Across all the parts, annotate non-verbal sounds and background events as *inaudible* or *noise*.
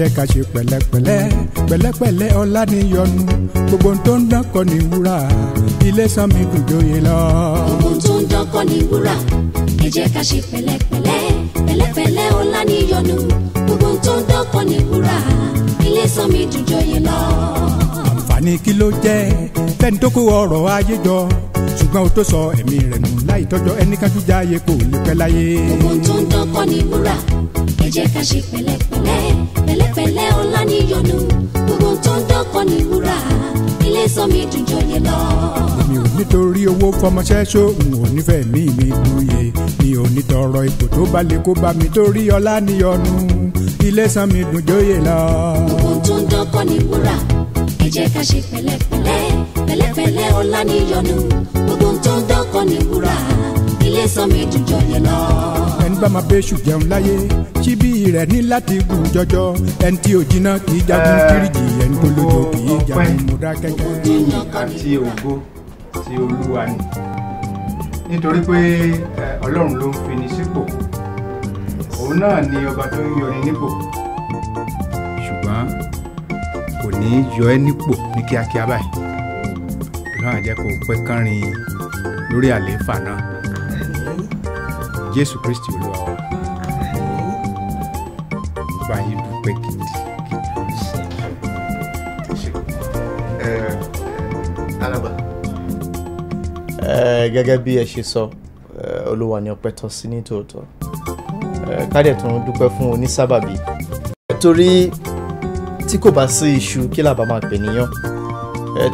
jẹ́ ká ṣe pẹ̀lẹ́pẹ̀lẹ́ pẹ̀lẹ́pẹ̀lẹ́ ọlá níyọnu gbogbo tó ń dán kọ́ ni wúrà ilé Sanmi dùn joyè lọ. gbogbo tó ń dán kọ́ ni wúrà ẹ jẹ́ ká ṣe pẹ̀lẹ́pẹ̀lẹ́ pẹ̀lẹ́pẹ̀lẹ́ ọlá níyọnu gbogbo tó ń dán kọ́ ni wúrà ilé Sanmi dùn joyè lọ. àǹfààní kí ló jẹ́ fẹ́ni tó kó ọrọ̀ ajé jọ ṣùgbọ́n o tó sọ ẹ̀mí rẹ̀ nù láì tọ́jọ́ ẹnìkan jíjà kò lè pẹ́ láyé. gbogbo tó ń dán kọ́ wúrà ẹ jẹ́ ká ṣe pẹ̀lẹ́pẹ̀lẹ́ pẹ̀lẹ́pẹ̀lẹ́ ọlá níyọnu gbogbo tó ń dọ́kọ̀ ní wúrà ilé sọ mi dùn jọyẹ lọ. mi ò nítorí owó fọmọṣẹ́ ṣó n ò nífẹ̀ẹ́ mi mi lóye mi ò ní tọrọ ipò tó bá lè kó bá mi torí ọlá níyọnu ilé sọ mi dùn jọyẹ lọ. gbogbo tó ń dọ́kọ̀ ní wúrà ẹ ká ṣe pẹ̀lẹ́pẹ̀lẹ́ pẹ̀lẹ́pẹ̀lẹ́ ọlá níyọnu gbogbo tó ń dọ́kọ̀ ní wúrà ilé sọ mi jùjọ yẹn lọ. ẹni bá máa bẹ́ṣù jẹun láyé ṣíbí rẹ̀ ní láti gùn jọjọ ẹni tí ò jiná kì í jagun kíríjì ẹni tó lójó kì í jagun múdá kẹ́kẹ́. àti ògo ti olúwa ni nítorí pé ọlọ́run ló ń fini sípò òun náà ni ọba tó ń yọni nípò ṣùgbọ́n kò ní í yọ ẹ́ nípò ní kíákíá báyìí náà jẹ́ kó pẹ́ kánrin lórí àlééfà náà jésù kristi olúwa wa gba yín dúpẹ́ gidi gẹ́gẹ́ bí ẹ ṣe sọ olúwa ni ọpẹ́ tọ́ sí ní tòótọ́ kádẹ̀ tó ń dúpẹ́ fún onísábàbí torí tí kò bá sí iṣu kí làbá máa pè níyàn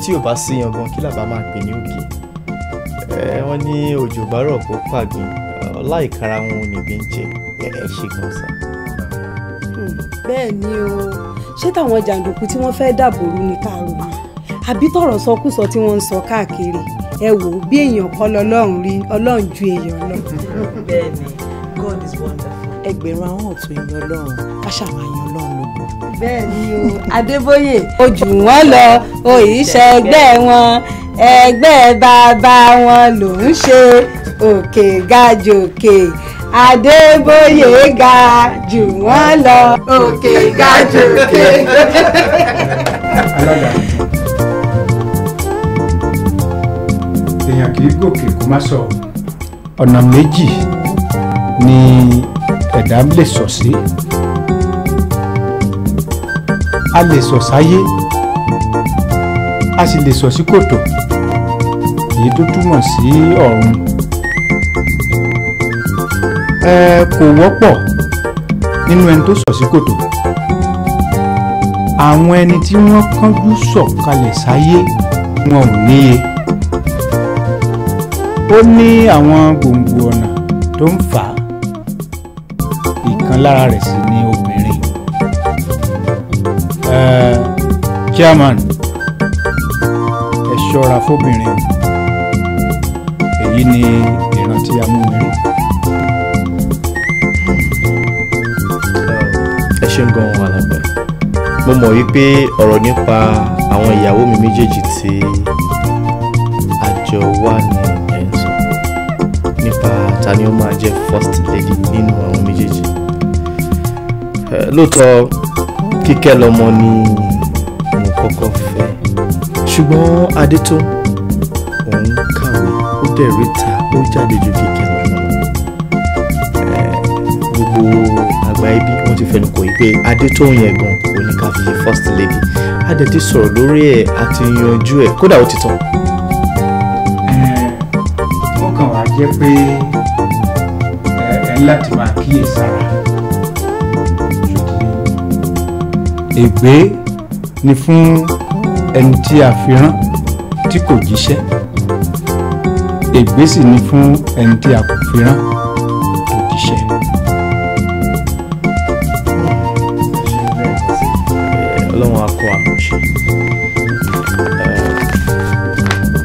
tí ò bá sí yangan kí làbá máa pè ní òkè wọ́n ní òjò bá rọ̀ kó pàgbìn aláìkara wọn ò ní bí ń jẹ ẹ ṣe gan sa. bẹ́ẹ̀ ni o ṣé táwọn jàǹdùkú tí wọ́n fẹ́ẹ́ dàbòrú ní tààrọ̀ ni àbí tọ̀rọ̀ sọkúsọ tí wọ́n ń sọ káàkiri ẹ wò ó bí èèyàn kọ́ lọ́lọ́run rí ọlọ́run ju èèyàn lọ. bẹ́ẹ̀ ni God is wonderful. ẹgbẹ̀rún àwọn ọ̀tún èèyàn ọlọ́run á ṣàmàyàn ọlọ́run lóko. bẹ́ẹ̀ ni o Adébóyè ó jù lọ òyìṣẹ́ ẹgbẹ́ wọn ẹgbẹ́ bàbá wọn ló ṣe òkè ga jòkè adébóyè ga jù wọ́n lọ òkè ga jòkè. *laughs* èèyàn kì í gòkè kó má sọ ọ̀nà méjì ni ẹ̀dá lè sọ sí a lè sọ sáyé a sì lè sọ sí kòtò èyí tó túmọ̀ sí ọ̀run ẹ kò wọ́pọ̀ nínú ẹni tó sọ̀ sí kòtò àwọn ẹni tí wọ́n kánjú sọ̀kalẹ̀ sáyé wọn ò níye ó ní àwọn gbòǹgbò ọ̀nà tó ń fà á ìkan lára rẹ̀ sì ni obìnrin chairman ẹ ṣọ́ra fóbìnrin èyí ni ìrántí amúnirin. ṣeun gan alàgbà mo mọ̀ wípé ọ̀rọ̀ nípa àwọn ìyàwó mi méjèèjì tí àjọ wà ní ẹ̀ nípa ta ni ó máa jẹ́ first lady nínú àwọn méjèèjì lóòótọ́ kíkẹ́ lọ́mọ ni mo kọ́kọ́ fẹ́ ṣùgbọ́n adétó òun kàwé ó dẹ̀ ríta ó jáde ju kíkẹ́. ti fẹnu kò yí pé Adétóyìn ẹ̀gàn òní ká first lady a dẹ̀ ti sọ̀rọ̀ lórí ẹ̀ àti yanjú ẹ̀ kódà ó ti tán. ó kàn wá jẹ́ pé ẹ láti máa kíyèsára ègbé ni fún ẹni tí a fi rán tí kò jíṣẹ́ ègbé sì ni fún ẹni tí a kò fi rán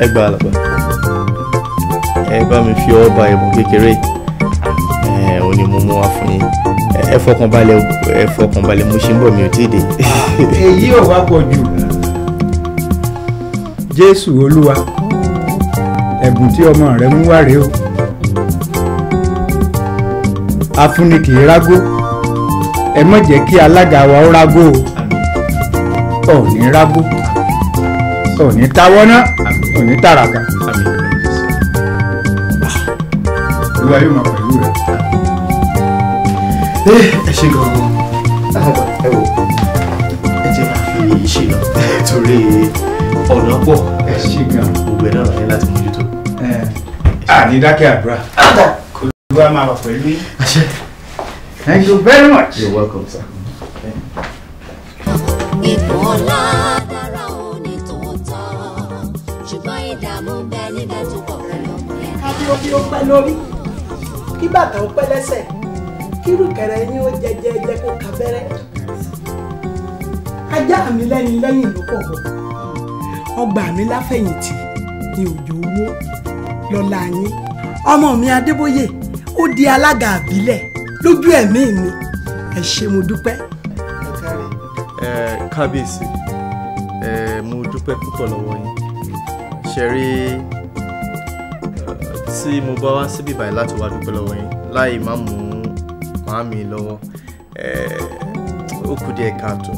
ẹ gba àlàbà ẹ bá mi fi ọwọ́ ba ẹ̀bùn kékeré ẹ ò ní mú mú wá fún yín ẹ fọkàn balẹ̀ ẹ fọkàn balẹ̀ mo ṣe ń bọ̀ mi ò tí ì dé. Ah, èyí ò wá pọ̀ jù jésù olúwa ẹ̀bùn tí ọmọ rẹ mú wá rèé o afúnni kì í rágó ẹ má jẹ́ kí alága wa ó rágó o ọ̀ọ́ni rágó ọ̀ọ́ni táwọ́ náà òní tàràkà olúwa yóò máa pẹ̀lú rẹ̀ eh, ẹ ṣe gan-an ẹ wò ẹ jẹ́ máa fi ṣe lọ *laughs* torí ọ̀nà pọ̀ ẹ ṣe gan-an gbogbo ẹ̀ náà lọ́yẹ́ láti mójútó. àní eh, dákẹ́ àdúrà olúwa máa wà pẹ̀lú yín. thank you very much. you're welcome sir. kó kí ó pẹ́ lórí kí bàtà ó pẹ́ lẹ́sẹ̀ kí rùkẹ̀rẹ̀ yín ó jẹjẹjẹ kó kábẹ́rẹ́ ajá mi lẹ́ni lẹ́yìn ló pọ̀ bọ̀ ọgbà mi láfẹ̀yìntì ni òjò owó lọ́la yín ọmọ mi adébóyè ó di alága àbílẹ̀ lójú ẹ̀mí mi ẹ ṣé mo dúpẹ́. ẹ kábíyèsí ẹ mo dúpẹ́ púpọ̀ lọ́wọ́ yín ṣe rí tí mo bá wá síbí báyìí láti wá dúpẹ́ lọ́wọ́ yín láì má mú màámi lọ́wọ́ ó kù díẹ̀ káàtó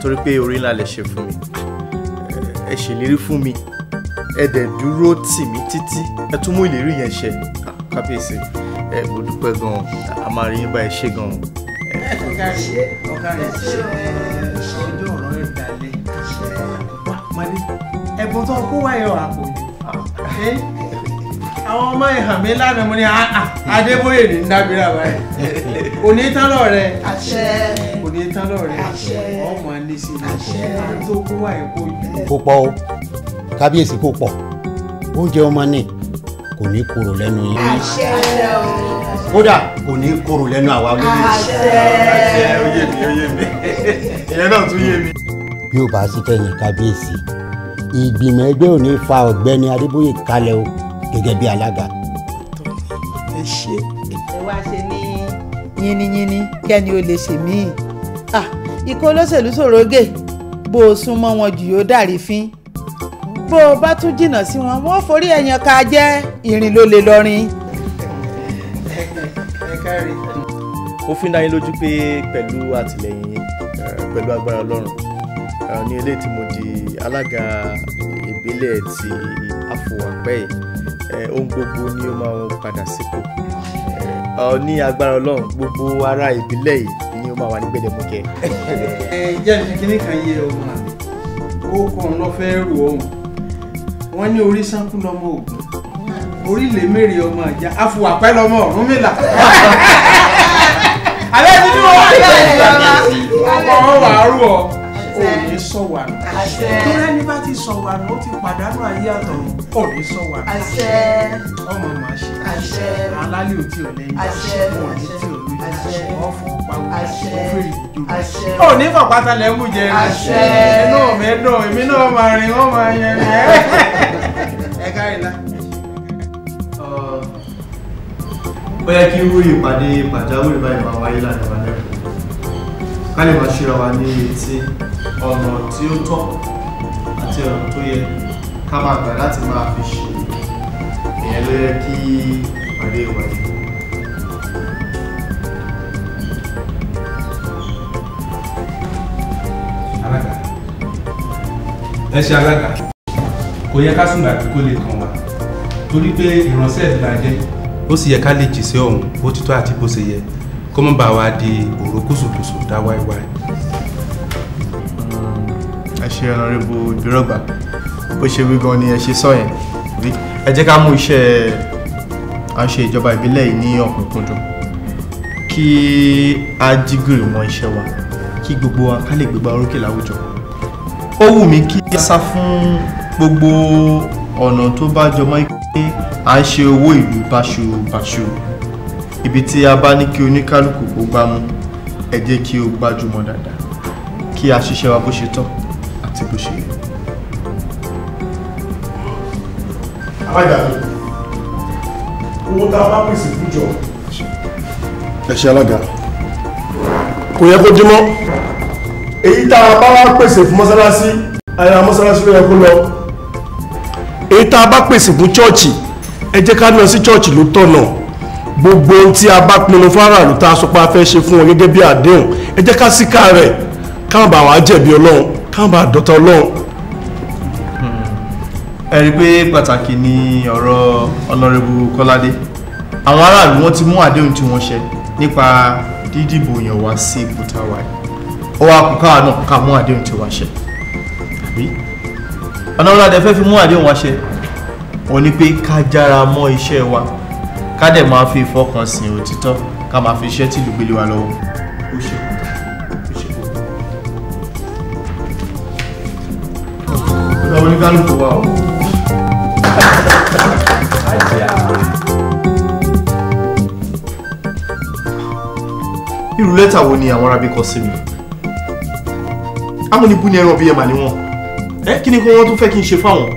torí pé orí ńlá lè ṣe fún mi ẹ ṣèlérí fún mi ẹ dẹ̀ dúró tì mí títí ẹ tún mú ìlérí yẹn ṣẹ ah, kábíyèsí ẹ mo dúpẹ́ gan-an a máa rí yín báyìí ṣe gan-an. ọ̀gá rẹ̀ ọ̀gá rẹ̀ ṣe ọjọ́ ọ̀rọ̀ rẹ̀ dalẹ̀ wá malé ẹ̀bùn tó kó wáyé ọ̀rọ̀ àpò yìí. Ah, àwọn ọmọ ìhàn mi lánàá mo ní ah, ah, Adébóyè ní dábìrà báyìí òní tán lọ́rẹ́ àṣẹ òní tán lọ́rẹ́ àṣẹ ọmọ ní sí àṣẹ tó kó wà èkó yìí. kò pọ̀ o kábíyèsí kò pọ̀ oúnjẹ ọmọ ni kò ní korò lẹ́nu yín. àṣẹ o kódà kò ní korò lẹ́nu àwa olóyè. àṣẹ oyè mi oyè mi ìyẹn náà tún yé mi. bí o bá sì fẹ̀yìn kábíyèsí ìgbìmọ̀ ẹgbẹ́ ò ní fa ọ̀gbẹ́ni Adébóyè kalẹ̀ o gẹ́gẹ́ bí alága. ẹ ṣe. ẹ wá ṣe ní yínníyínní kẹ́ni ó lè ṣe míì ikú olóṣèlú sòrógè bó o sún mọ́ wọn jù yóò dàrí fín bó o bá tún jìnnà sí wọn wọ́n forí ẹ̀yàn ká jẹ́ ìrìn ló lè lọ́rin. ó fi ń dá yín lójú pé pẹ̀lú àtìlẹ́yìn eh, pẹ̀lú agbára ọlọ́run eh, ní ilé tí mo di alága ìbílẹ̀ ti àfọwọ́pẹ́ yìí Eh, ohun gbogbo ni ó máa padà sípò eh, eh, ní agbára ọlọ́run gbogbo ara ìbílẹ̀ yìí ni ó máa wà ní gbẹdẹmukẹ. ẹ jẹ́ mi kíní kan yé ọmọ àná owó kan lọ fẹ́ rò ọ̀hún wọ́n ní orí sánkú lọ́mọ ògùn orílẹ̀ mèrè ọmọ ìjà àfùwàpẹ́ lọ́mọ Ọ̀rúnmìlà alẹ́ *laughs* ti dúró wá ní àyè ọmọ ọmọ wàá rú ọ ò ní sọ̀wà nù tó rẹ́ni bá ti sọ̀wà nù ó ti pàdánù ayé àtọ̀run ò ní sọ̀wà nù ọmọ màá ṣe alálẹ̀ ò tí ò lẹ́yìn wọn ò ní tí ò lóyún wọn fún pawọ́ fún ìdíjọ́ ò ní fọ̀pátá lẹ́mú jẹ inú mi dùn èmi náà máa rìn wọ́n máa yẹn ní *laughs* ẹ ẹ káyìlá. ó yẹ kí irú ìpàdé pàjáwìrì báyìí máa wáyé lánàá ká lè máa ṣíra wa ní etí ọ̀nà tí ó tọ́ àti ọ̀nà tó yẹ ká máa gbà láti máa fi ṣe ìyẹn ló yẹ kí ìpàdé wáyé. alága ẹ ṣe alága kò yẹ ká sùn dàbí kó lè kàn wá torí pé ìránṣẹ́ ìlàjẹ́ ó sì yẹ ká lè jì ọ̀hún bó ti tọ́ àti bó ṣe yẹ kó má bàa wá di òrókùsùtùsù dá wáíwáí. ẹ ṣe ọ̀nàrẹ́bù ìbírọ̀gbà bó ṣe wí gan ni ẹ ṣe sọ yẹn ẹ jẹ́ ká mú iṣẹ́ à ń ṣe ìjọba ìbílẹ̀ yìí ní ọ̀kúnkúndùn kí a jígìrì mọ́ iṣẹ́ wa kí gbogbo wa ká lè gbégbá orókè láwùjọ ó wù mí kí a sá fún gbogbo ọ̀nà tó bá jọmọ́ pé à ń ṣe owó ìlú báṣubàṣu ibi tí a bá ní kí oníkálukú kó gbámú ẹ jẹ́ kí o gbájúmọ́ dáadáa kí a ṣiṣẹ́ wa bó ṣe tọ́ àti bó ṣe yẹ. àbájáde owó tá a bá pèsè fújọ. ẹ ṣe alága kò yẹ kó dímọ́ èyí tá a bá wá pèsè fún mọ́sálásí ara mọ́sálásí ló yẹ kó lọ èyí tá a bá pèsè fún chọ́ọ̀chì ẹ jẹ́ ká lọ sí chọ́ọ̀chì ló tọ̀nà gbogbo ohun tí a bá pinnu fáráàlú tá a sọ pé a fẹ́ ṣe fún wọn gẹ́gẹ́ bí àdéhùn ẹ jẹ́ ká síkà rẹ̀ káwọn bá wàá jẹ̀bi ọlọ́run káwọn bá dọ́tà ọlọ́run. Hmm. ẹ rí i pé pàtàkì ni ọ̀rọ̀ ọ̀nàrẹ́bù kọ́ládé àwọn aráàlú wọn ti mú àdéhùn tí wọ́n ṣe nípa dídìbò yàn wá sí ipò tá a wà yìí ó wá kó káwa náà ká mú àdéhùn tí wọ́n ṣe ọ̀nà ọ̀làdẹ fẹ́ fi mú àdéhùn wa ṣe òun pé ká jára mọ́ iṣẹ́ wa ká dẹ̀ máa fi ìfọkàn sìn òtítọ́ ká máa fi iṣẹ́ tìlú gbélé wa lọ́wọ́. ó ṣe kókó ó ṣe kókó. lọ́wọ́ ní kálukú wa o. irú lẹ́tà wo ni àwọn arábí kọ sí mi amúnibú ni ẹran bíi ẹ̀mà ni wọ́n ẹ kí ni kí wọ́n tún fẹ́ kí n ṣe fáwọn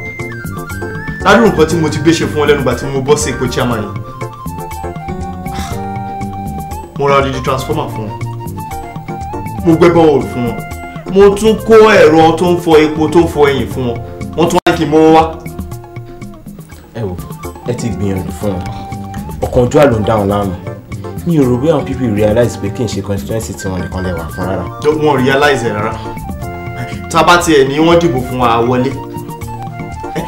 ládùúgbò nǹkan tí mo ti gbé ṣe fún ọ lẹ́nu ìgbà tí mo bọ́ sí ipò chairman yìí mo ra odidi transformer fún wọn mo gbẹ́ bọ́ọ̀lù fún wọn mo tún kó ẹ̀rọ tó ń fọ epo tó ń fọ ẹyìn fún wọn wọ́n tún wáyé kí n mọ́ wá. ẹ wò ẹ ti gbìyànjú fún wọn ọkàn ojú àlò ń dá láàmú mi ò rò bí àwọn people realize pé kí n ṣe constituency tí wọn nìkan lè wà fún rárá. wọn realize ẹ rárá tábà tiẹ̀ ni wọ́n dìbò fún wa wọlé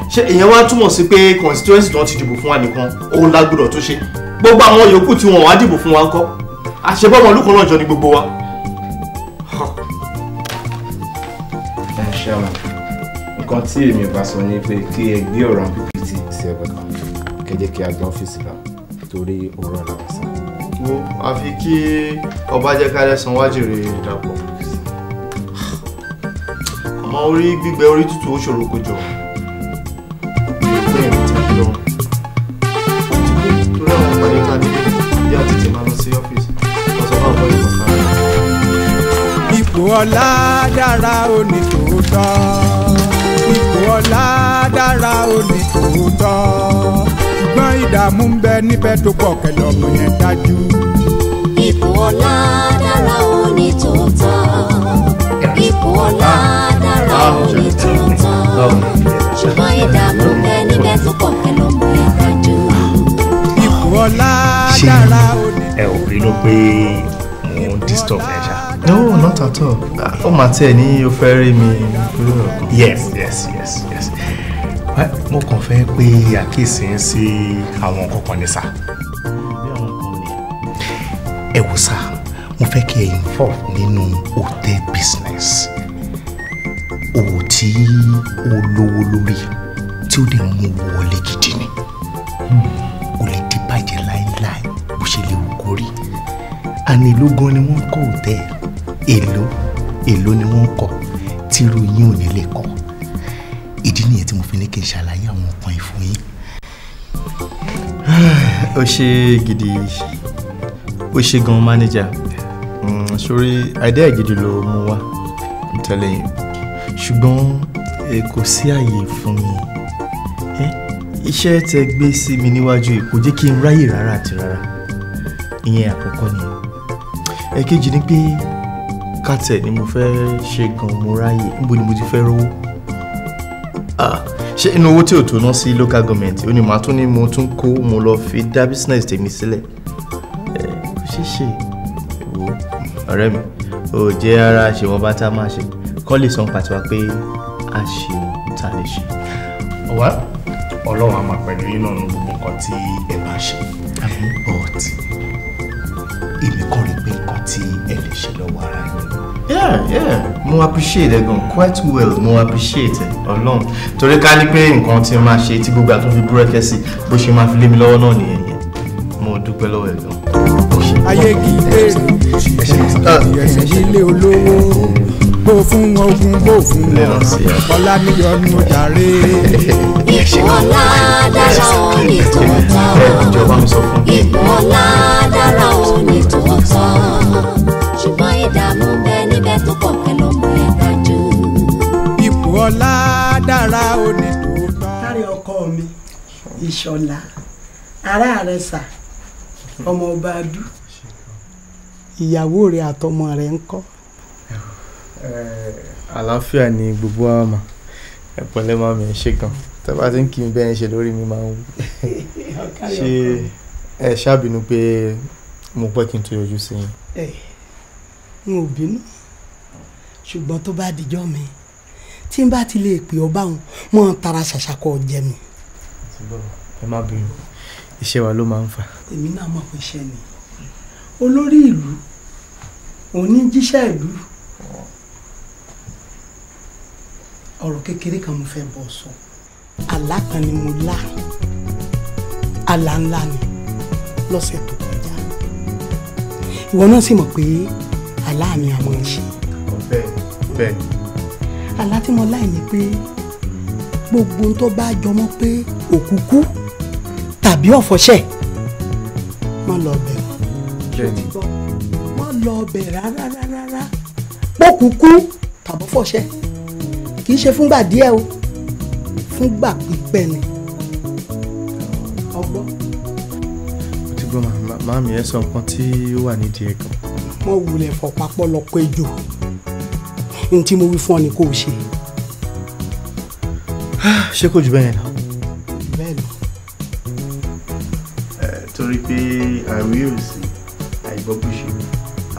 ṣé ìyẹn wá túmọ̀ sí pé constituency tí wọ́n ti dìbò fún wa nìkan òun lágbọ́dọ̀ tó ṣe gbogbo àwọn yòókù tí wọn wá dìbò fún wa ńkọ́ àṣebọ́mọ olùkọ́ náà jọ ní gbogbo wa. ẹ ṣẹ́wọ̀n nǹkan tí èmi bá sọ ni pé kí ẹ gbé ọ̀rọ̀ ppt sí ẹgbẹ́ kan kẹjẹ kí a gbọ́ ọ́fíìsì kan torí ọ̀rọ̀ ọ̀làwọ̀ sá. wo àfi kí ọba jẹ́ ká lẹ́sàn wájú rẹ̀ dàpọ̀ àmọ́ orí gbígbẹ orí tútù ó ṣòro kó jọ. ọlá dára ó ní tòótọ́ ipò ọlá dára ó ní tòótọ́ ṣùgbọ́n ìdààmú ń bẹ níbẹ̀ tó pọ̀ kẹlẹ́ ọmọ yẹn dájú. ipò ọlá dára ó ní tòótọ́ ipò ọlá dára ó ní tòótọ́ ṣùgbọ́n ìdààmú ń bẹ níbẹ̀ tó pọ̀ kẹlẹ́ ọmọ yẹn dájú. ipò ọlá dára ó tòótọ́ ṣé ẹ ò rí ló pé mò ń disturb ẹ ṣá. No, not at all. Ah, ó máa tiẹ̀ ní o fẹ́ rí mi lórí ọ̀kan. Yes, yes, yes, yes. Mo kàn fẹ́ pé àkíyèsí ń sí àwọn kọ̀ọ̀kan ní sá. Ẹ wò sá, mo fẹ́ kí ẹ involve nínú hotel business. Òwò tí ó lówó lórí tí ó dẹ̀ mú wọlé gidi ni. O hmm. lè di bàjẹ́ láéláé, bó ṣe lè wù kó rí. Àní lógún ni wọ́n kọ́ hòtẹ́ẹ̀lì èlò èlò ni wọ́n kọ tírú yín ò ní lè kọ ìdí nìyẹn tí mo fi ní kí n ṣàlàyé àwọn nǹkan ìfún yín. *sighs* ó ṣe gidi ó ṣe gan manager mm, sórí idea gidi ló mú wá n tẹ́lẹ̀ yẹn ṣùgbọ́n kò sí àyè fún mi iṣẹ́ tẹ gbé sí mi níwájú yìí kò jẹ́ kí n ráyè rárá àti rárá ìyẹn àkọ́kọ́ nìyẹn ẹ̀kejì ni pé kátẹ̀ ni mo fẹ́ ṣe gan mo ráyè níbo ni mo ti fẹ́ rówó ṣé inú owó tí ò tó ná sí local government ó ní màá tún ní mo tún kó mo lọ fi dá business tèmi sílẹ̀ ẹ ṣíṣe ìwò ọ̀rẹ́ mi ò jẹ́ ara ṣèwọ́n bá tá a máa ṣe kọ́ lè san pàtó wa pé a ṣe tá a lè ṣe. ọ̀wá ọlọ́run a máa pẹ̀lú yín náà ní gbogbo nǹkan tí ẹ bá ṣe but èmi kọ́ tí ẹ ara yín. yeah yeah mo appreciate ẹ gan quite well mo appreciate ẹ Ọlọ́run torí ká ní pé nǹkan tí máa ṣe tí gbogbo àtúnfi búrẹ́kẹ́ sí bó ṣe máa fi lé mi lọ́wọ́ náà nìyẹn yẹn mo dúpẹ́ lọ́wọ́ ẹ gan. ayé kì í béèrè ẹ̀sìn ilé olówó bó fún ogun bó fún wọn ọlá níyọnu jàre. ìkọlá dára òní tó ta ìkún ọlá dára òní tó ta ṣùgbọ́n ìdààmú bẹ níbẹ̀ tó pọ̀ pẹ̀lú ọmọ ẹ̀ka jù. ipò dára òní tó ta. kárí ọkọ mi ìṣọlá ará rẹ sà ọmọ ọba adú ìyàwó rẹ àtọmọ rẹ ń kọ́. Eh, àlàáfíà ni gbogbo wa mà ẹ̀pẹ̀lẹ́ máa mi ṣe gan tẹ́bà tí ń kí mi bẹ́ẹ̀ ṣe lórí mi máa ń *laughs* ṣe ẹ ṣàbínú pé mo pẹ́ kí n tó yọjú sí yín. ẹ eh, n ò bínú ṣùgbọ́n tó bá dijọ́ mi tí n bá ti lè pè ọ́ báwọn mọ́ ń tara ṣàṣàkọ jẹ mi. ẹ má bínú iṣẹ́ wa ló máa ń fà. èmi náà mọ̀ pé iṣẹ́ ni olórí ìlú òun ní jíṣẹ́ ìlú ọ̀rọ̀ kékeré kan mo fẹ́ bọ̀ sọ àlá kan ni mo lá àlá ńlá ni lọ́sẹ̀ tó kọjá ìwọ náà sì mọ̀ pé àlá mi àmọ́ ń ṣe. bẹ́ẹ̀ bẹ́ẹ̀. àlá tí mo láì ní pé gbogbo tó bá jọmọ́ pé òkú tàbí ọ̀fọ̀ṣẹ́ má lọ bẹ̀ wọ́n lọ bẹ̀ rárá rárá pókú kú tàbí ọ̀fọ̀ṣẹ́ kì í ṣe fúngbà díẹ̀ o fúngbà pípẹ́ ni ọgbọ́. mo ti gbọ́ màmá mi ẹ sọ nǹkan tí ó wà nídìí ẹ̀ gan. mo wulẹ̀ fọ̀pápọ̀ lọ pé jò n tí mo wí fún ọ ni kò ṣe. *sighs* ṣé kò jù bẹ́ẹ̀ náà. bẹ́ẹ̀ lọ. torí pé àwí òsì àìgbọ́ bó ṣe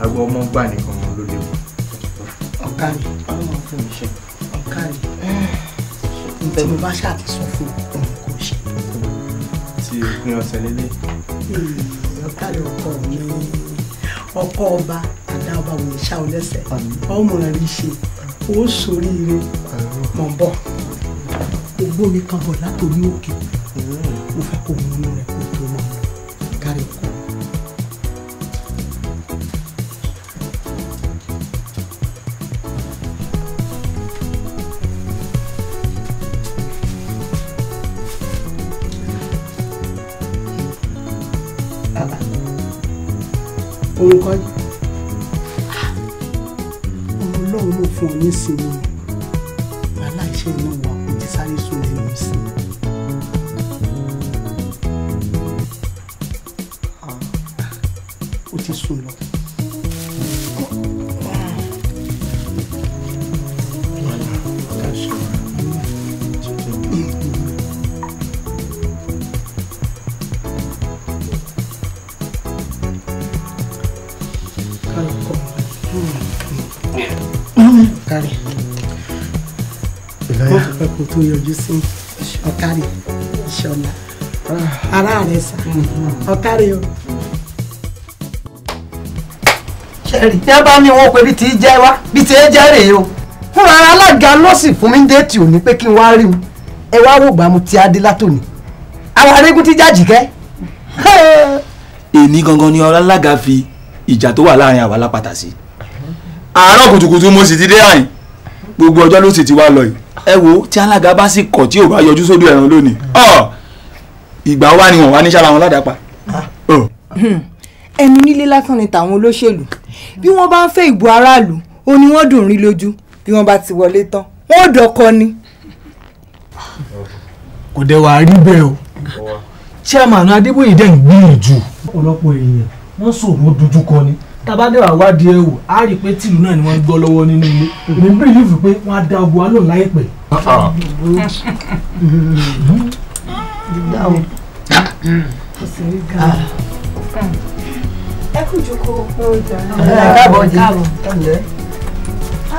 àgọ́ ọmọ gbà nìkan ló léwu. ọ̀ka mi ọlọ́run fún mi ṣe tí mo bá ṣàti sọ fún ọmọ kò ṣe. ti òpin ọ̀sẹ̀ lélẹ̀. Hmm, ọ̀kadà ọkọ mi ọkọ ọba àdá ọba wò ní ṣá ọ lẹ́sẹ̀ ọmọ rí ṣe ó sóríire mọ̀ bọ̀. ògbó mi kan bọ̀ látòrí òkè. tó yọjú sí ọ̀kárì ìṣọ̀lá ara rẹ̀ sà ọ̀kárì o. ṣẹ́ẹ̀rì tí wọ́n bá ní wọn pé bí ti jẹ́ wá bí ti jẹ́ rèé o fúnra alága lọ́sì fún mi déètì òní pé kí n wá rí mu ẹ wá wò gbàmù tí adé látòní àwọn arégún ti jájì kẹ́. èní gangan ni ọlọ́lága fi ìjà tó wà láàrin àwa lápàtà sí. àárọ̀ kùtùkùtù mo sì ti dé àyìn gbogbo ọjọ́ ló sì ti wá lọ yìí ẹ wo tí alága bá sì kọ̀ tí ò bá yọjú sódò ẹ̀ràn lónìí ọ ìgbà wa ni wọn wá ní sára wọn ládàá pa. Ah. Hmm. ẹnu nílé lásán ni tàwọn olóṣèlú bí wọ́n bá ń fẹ́ ìbò aráàlú ó ní wọ́n dùn rí lójú bí wọ́n bá ti wọlé tán wọ́n dọ̀kọ ni. kò dẹ̀ wá rí bẹ́ẹ̀ o chairman adébóyè dẹ̀ gbìyànjú ọ̀pọ̀lọpọ̀ èèyàn wọ́n sòrò dojúkọ ni tabadẹ́wà wádìí ẹ̀ wò á rí i pé tìlú náà ni wọ́n gbọ́ lọ́wọ́ nínú ilé èmi ń bìlíìfù pé wọ́n á dá ogun wa lóun láìpẹ́. ẹ kú jókòó oúnjẹ náà. káàbọ̀ jẹ́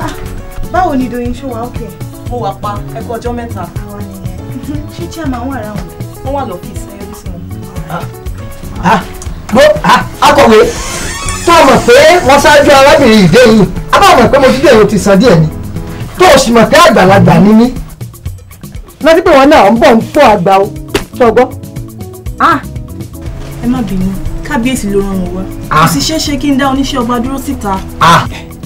ah, báwo ni doyin ṣó wà ókè. mo wà pa ẹkọ ọjọ́ mẹ́ta. àwa nìyẹn ṣé chairman wà ráhùn. wọ́n wà lọ́fíìsì ẹ̀rú sí wọn. Ah. Ah, akọ̀wé tó o mọ̀ pé wọ́n ṣáájú arábìnrin ìdè yìí a bá mọ̀ pé mo ti dé èyí ti sàn díẹ̀ ni tó o sì mọ̀ pé àgbàlagbà ni mí. lọ́sí pé wọn náà ń bọ̀ ń tó àgbà o ṣọgbọ́. ẹ má bínú kábíyèsí ló ràn wá kò sì ṣeé ṣe kí n dá oníṣẹ́ ọba dúró síta.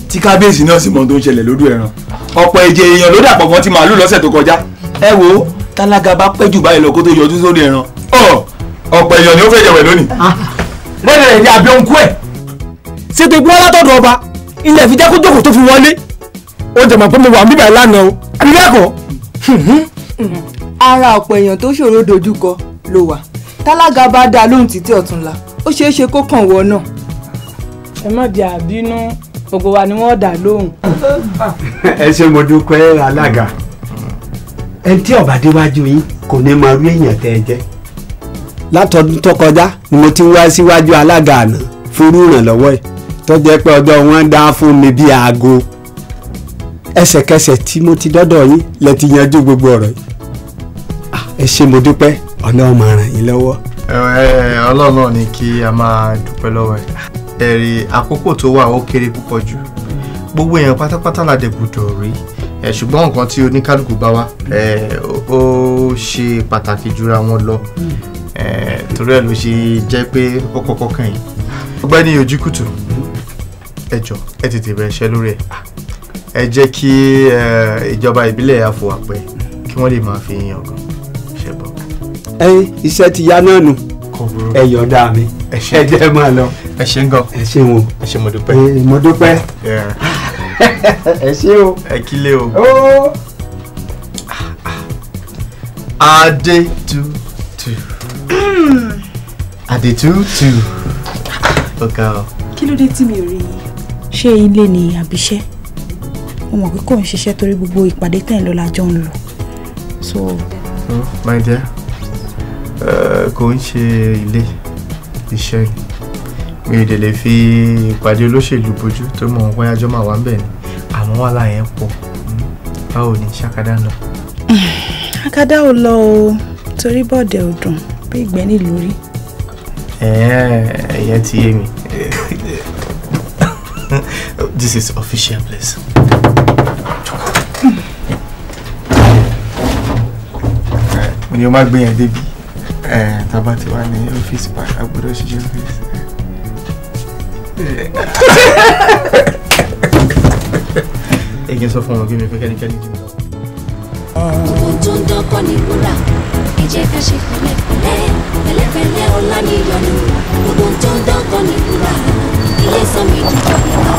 tí kábíyèsí náà sì mọ ohun tó ń ṣẹlẹ̀ lódú ẹran ọ̀pọ̀ ẹ̀jẹ̀ èèyàn ló dàpọ̀ mọ́ màálù lọ́sẹ̀ tó kọjá ẹ wo tálága bá pẹ́ jù báyìí lọ kó tó yọjú sórí ẹran ọ̀pọ̀ èèyàn ni ó fẹ́ jẹ̀wẹ̀ lónìí. lẹ́nu rẹ̀ ni àbí ohun ẹ̀ ṣètò ìpín wọn látọ̀dọ̀ ọba ilẹ̀ fi jẹ́ kó jókòó tó fi wọlé ó jẹ̀mọ̀ pé mo wà níbà lánàá o àbí bẹ́ẹ̀ kọ́. ara ọ̀pọ̀ èèyàn tó ṣòro dojúkọ ló wà tálága bá dáa lóhùn títí ọ̀túnla ó ṣeé ṣe kó kàn wọ́n náà. ẹ má jẹ́ àbínú gbogbo wa ni wọ́n dà lóhùn. ẹ ṣe mo dúpẹ́ alága ẹ tí ọba déwájú yín kò ní máa rí èèyàn tẹ́ ẹ jẹ́. látọdún tó kọjá ni mo ti wá síwájú alága àná fún irú ìrànlọ́wọ́ yìí tó jẹ́ pé ọjọ́ wọn dá fún mi bíi aago ẹsẹ̀kẹsẹ̀ tí mo ti dọ́dọ̀ yín lẹ ti yanjú gbogbo ọ̀rọ̀ yìí ah, ẹ ṣé mo dúpẹ́ ọlọ́run máa ràn yín lọ́wọ́. ọlọ́run náà ni kí a máa dúpẹ́ lọ́wọ́ ẹ̀ ẹ̀rì àkókò tó wà ó kéré púpọ̀ jù gbogbo èèyàn pátápátá la dẹ̀ gbọ́dọ̀ rí ṣùgbọ́n nǹkan tí oníkálukú bá wá ó ṣe pàtàkì jura wọn lọ hmm. torí ẹ̀ ló ṣe jẹ́ pé ó kọ́kọ́ kàn yín ọgbẹ́ni ojúkùtù ẹ jọ ẹ tètè bẹ̀rẹ̀ iṣẹ́ lórí ẹ̀ ẹ jẹ́ kí ìjọba ìbílẹ̀ àfọwàpẹ́ kí wọ́n lè máa fi yín ọ̀gàn ṣe bọ̀. ẹ iṣẹ́ ti yá náà nù ẹ yọ̀ǹda mi ẹ jẹ́ máa lọ. ẹ ṣe ń gan ẹ ṣe wọn ẹ ṣe mo dúpẹ́. mo dúpẹ́ ẹ *laughs* ṣe o. ẹ kílé o. adé tutu. adé tutu. ọ̀gá o. kí ló dé tí mi ò rí yín ṣé ilé ni àbíṣẹ́ mo mọ̀ pé kò ń ṣiṣẹ́ torí gbogbo ìpàdé tẹ̀ ń lọ lájọ́ ń lọ so. Mm, my dear eh, kò ń ṣe ilé iṣẹ́ mi ò dé lè fi ìpàdé olóṣèlú bójú tó mọ̀ wọ́n wáyájọ́ máa wà ń bẹ̀ ni àmọ́ wà láyẹn pọ̀ hmm, báwo ni ṣàkádá lọ. akádá *sighs* ò lọ o torí bọ́ọ̀dẹ̀ ò dùn bí ìgbẹ́ nílùú rí. ẹ̀ẹ́ ẹ̀yẹ ti yé mi *laughs* This is official place. Mo eh, ní o máa gbé yẹn débi tàbá ti wà ní ọ́fíìsì padà a gbọ́dọ̀ ṣiṣẹ́ ọ́fíìsì. Ẹ̀gbìn sọ fún ọmọ kí mi fẹ́ kẹ́nikẹ́ni kí n lọ. Ohun tó ń dọ́kọ́ ni wúrà, ẹ ká ṣe pẹ̀lẹ́pẹ̀lẹ́, pẹ̀lẹ́pẹ̀lẹ́ ọ̀la ni ìyọnu, gbogbo tó ń dọ́kọ́ ni wúrà ilé sẹ́mi jùjọ lọ.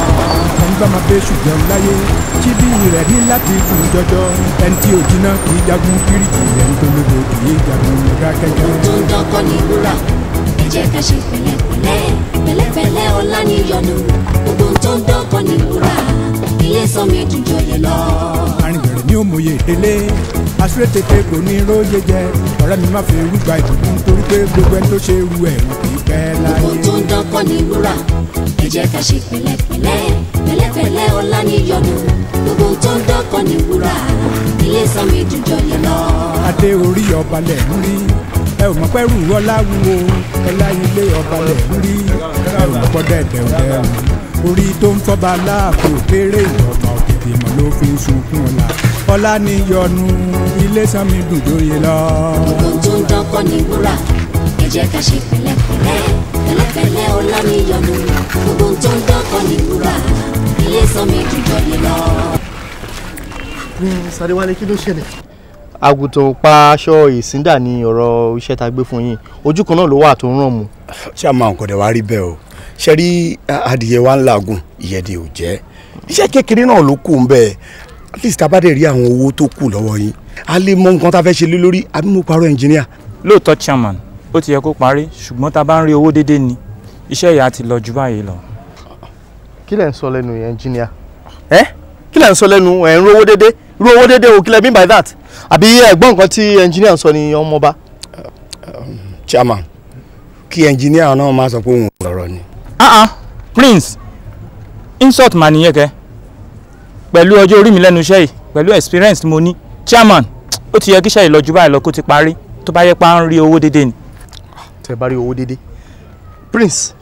ẹni bá máa fẹ́ ṣùgbọ́n láyé ṣíbí rẹ̀ ní láti kù jọjọ ẹni tí ò jiná kì í jagun kíríkì ẹni tó lóde kì í jagun nígbà kẹjọ. tó ń dọ́kọ́ ní wúrà ẹ ká ṣe pẹ̀lẹ́pẹ̀lẹ́ pẹ̀lẹ́pẹ̀lẹ́ ọ̀la ní yọnu gbogbo tó ń dọ́kọ́ ní wúrà ilé sẹ́mi jùjọ yẹ lọ. arìnrìn ni ó mòye délé aṣúré tètè kò ní róye jẹ ọ̀rẹ́ mi má fi rúgba ìdùnnú torí pé gbogbo ẹni tó ṣe rú ẹ̀ wọ́n kì í pẹ́ láyé. gbogbo tó ń dọ́kọ́ ní wúrà ẹ jẹ́ ká ṣe pẹ̀lẹ́pẹ̀lẹ́ pẹ̀lẹ́pẹ̀lẹ́ ọlá níyọnu gbogbo tó ń dọ́kọ̀ ní wúrà ilé sàmì ìdújọ yẹn lọ. adé orí ọba lẹ̀ ń rí ẹ ò mọ̀ pẹ́ rù ọlá wúwo ọlá ilé ọba lẹ̀ ń rí ẹ ò mọ̀ pọ́ dẹ̀dẹ̀ ọ̀dẹ̀ orí tó ń fọ́ba láàbò kéré ìwọ̀n ìgbìmọ̀ ló fi sunkún ọ̀la ọ̀la níyọnu ilé sàmì ìdújọ yẹn lọ. gbogbo tó ń dọ́kọ̀ ní wúrà jẹ́ ká ṣe pẹ̀lẹ́pẹ̀lẹ́ pẹ̀lẹ́pẹ̀lẹ́ ọlámiyọnu gbogbo tó ń dọ́kọ̀ ní wúrà ilé sọmi jùjọ lè lọ. ní sàdéwálé kí ló ṣẹlẹ̀. àgùntàn pa aṣọ ìsíndà ni ọ̀rọ̀ iṣẹ́ ta gbé fún yín ojú kan náà ló wà tó ń ràn mú. ṣé a máa ń kọ̀dẹ̀ wá rí bẹ́ẹ̀ o ṣe rí adìyẹ wa ń làágùn ìyẹ́dẹ̀ ò jẹ́ iṣẹ́ kékeré náà ló kù ń at least tá bá dẹ̀ rí àwọn owó tó kù lọ́wọ́ yín a lè mọ nǹkan tá a fẹ́ ṣe lé lórí àbí mo parọ́ ẹnjìníà. lóòótọ́ chairman ó ti yẹ kó parí ṣùgbọ́n tá a bá ń rí owó déédéé ni iṣẹ́ ìyá ti lọ ju báyìí lọ. kí lẹ̀ ń sọ lẹ́nu yẹn engineer ẹ́ kí lẹ̀ ń sọ lẹ́nu ẹ̀ ń rówó déédéé rówó déédéé o kí lẹ̀ mean by that àbí ẹ̀gbọ́n nǹkan tí engineer sọ ni ọmọọba. chairman kí engineer náà máa sọ pé òun lọ̀rọ̀ ni. Ah, ah, prince insult mà nìyẹn kẹ pẹ̀lú ọjọ́ orí mi lẹ́nu iṣẹ́ yìí pẹ̀lú experience mo ní chairman ó ti yẹ kíṣẹ́ ìlọ́jú báyìí lọ kó ti parí tó bá yẹ pa ń rí owó déédéé ni tẹ bá rí owó dédé prince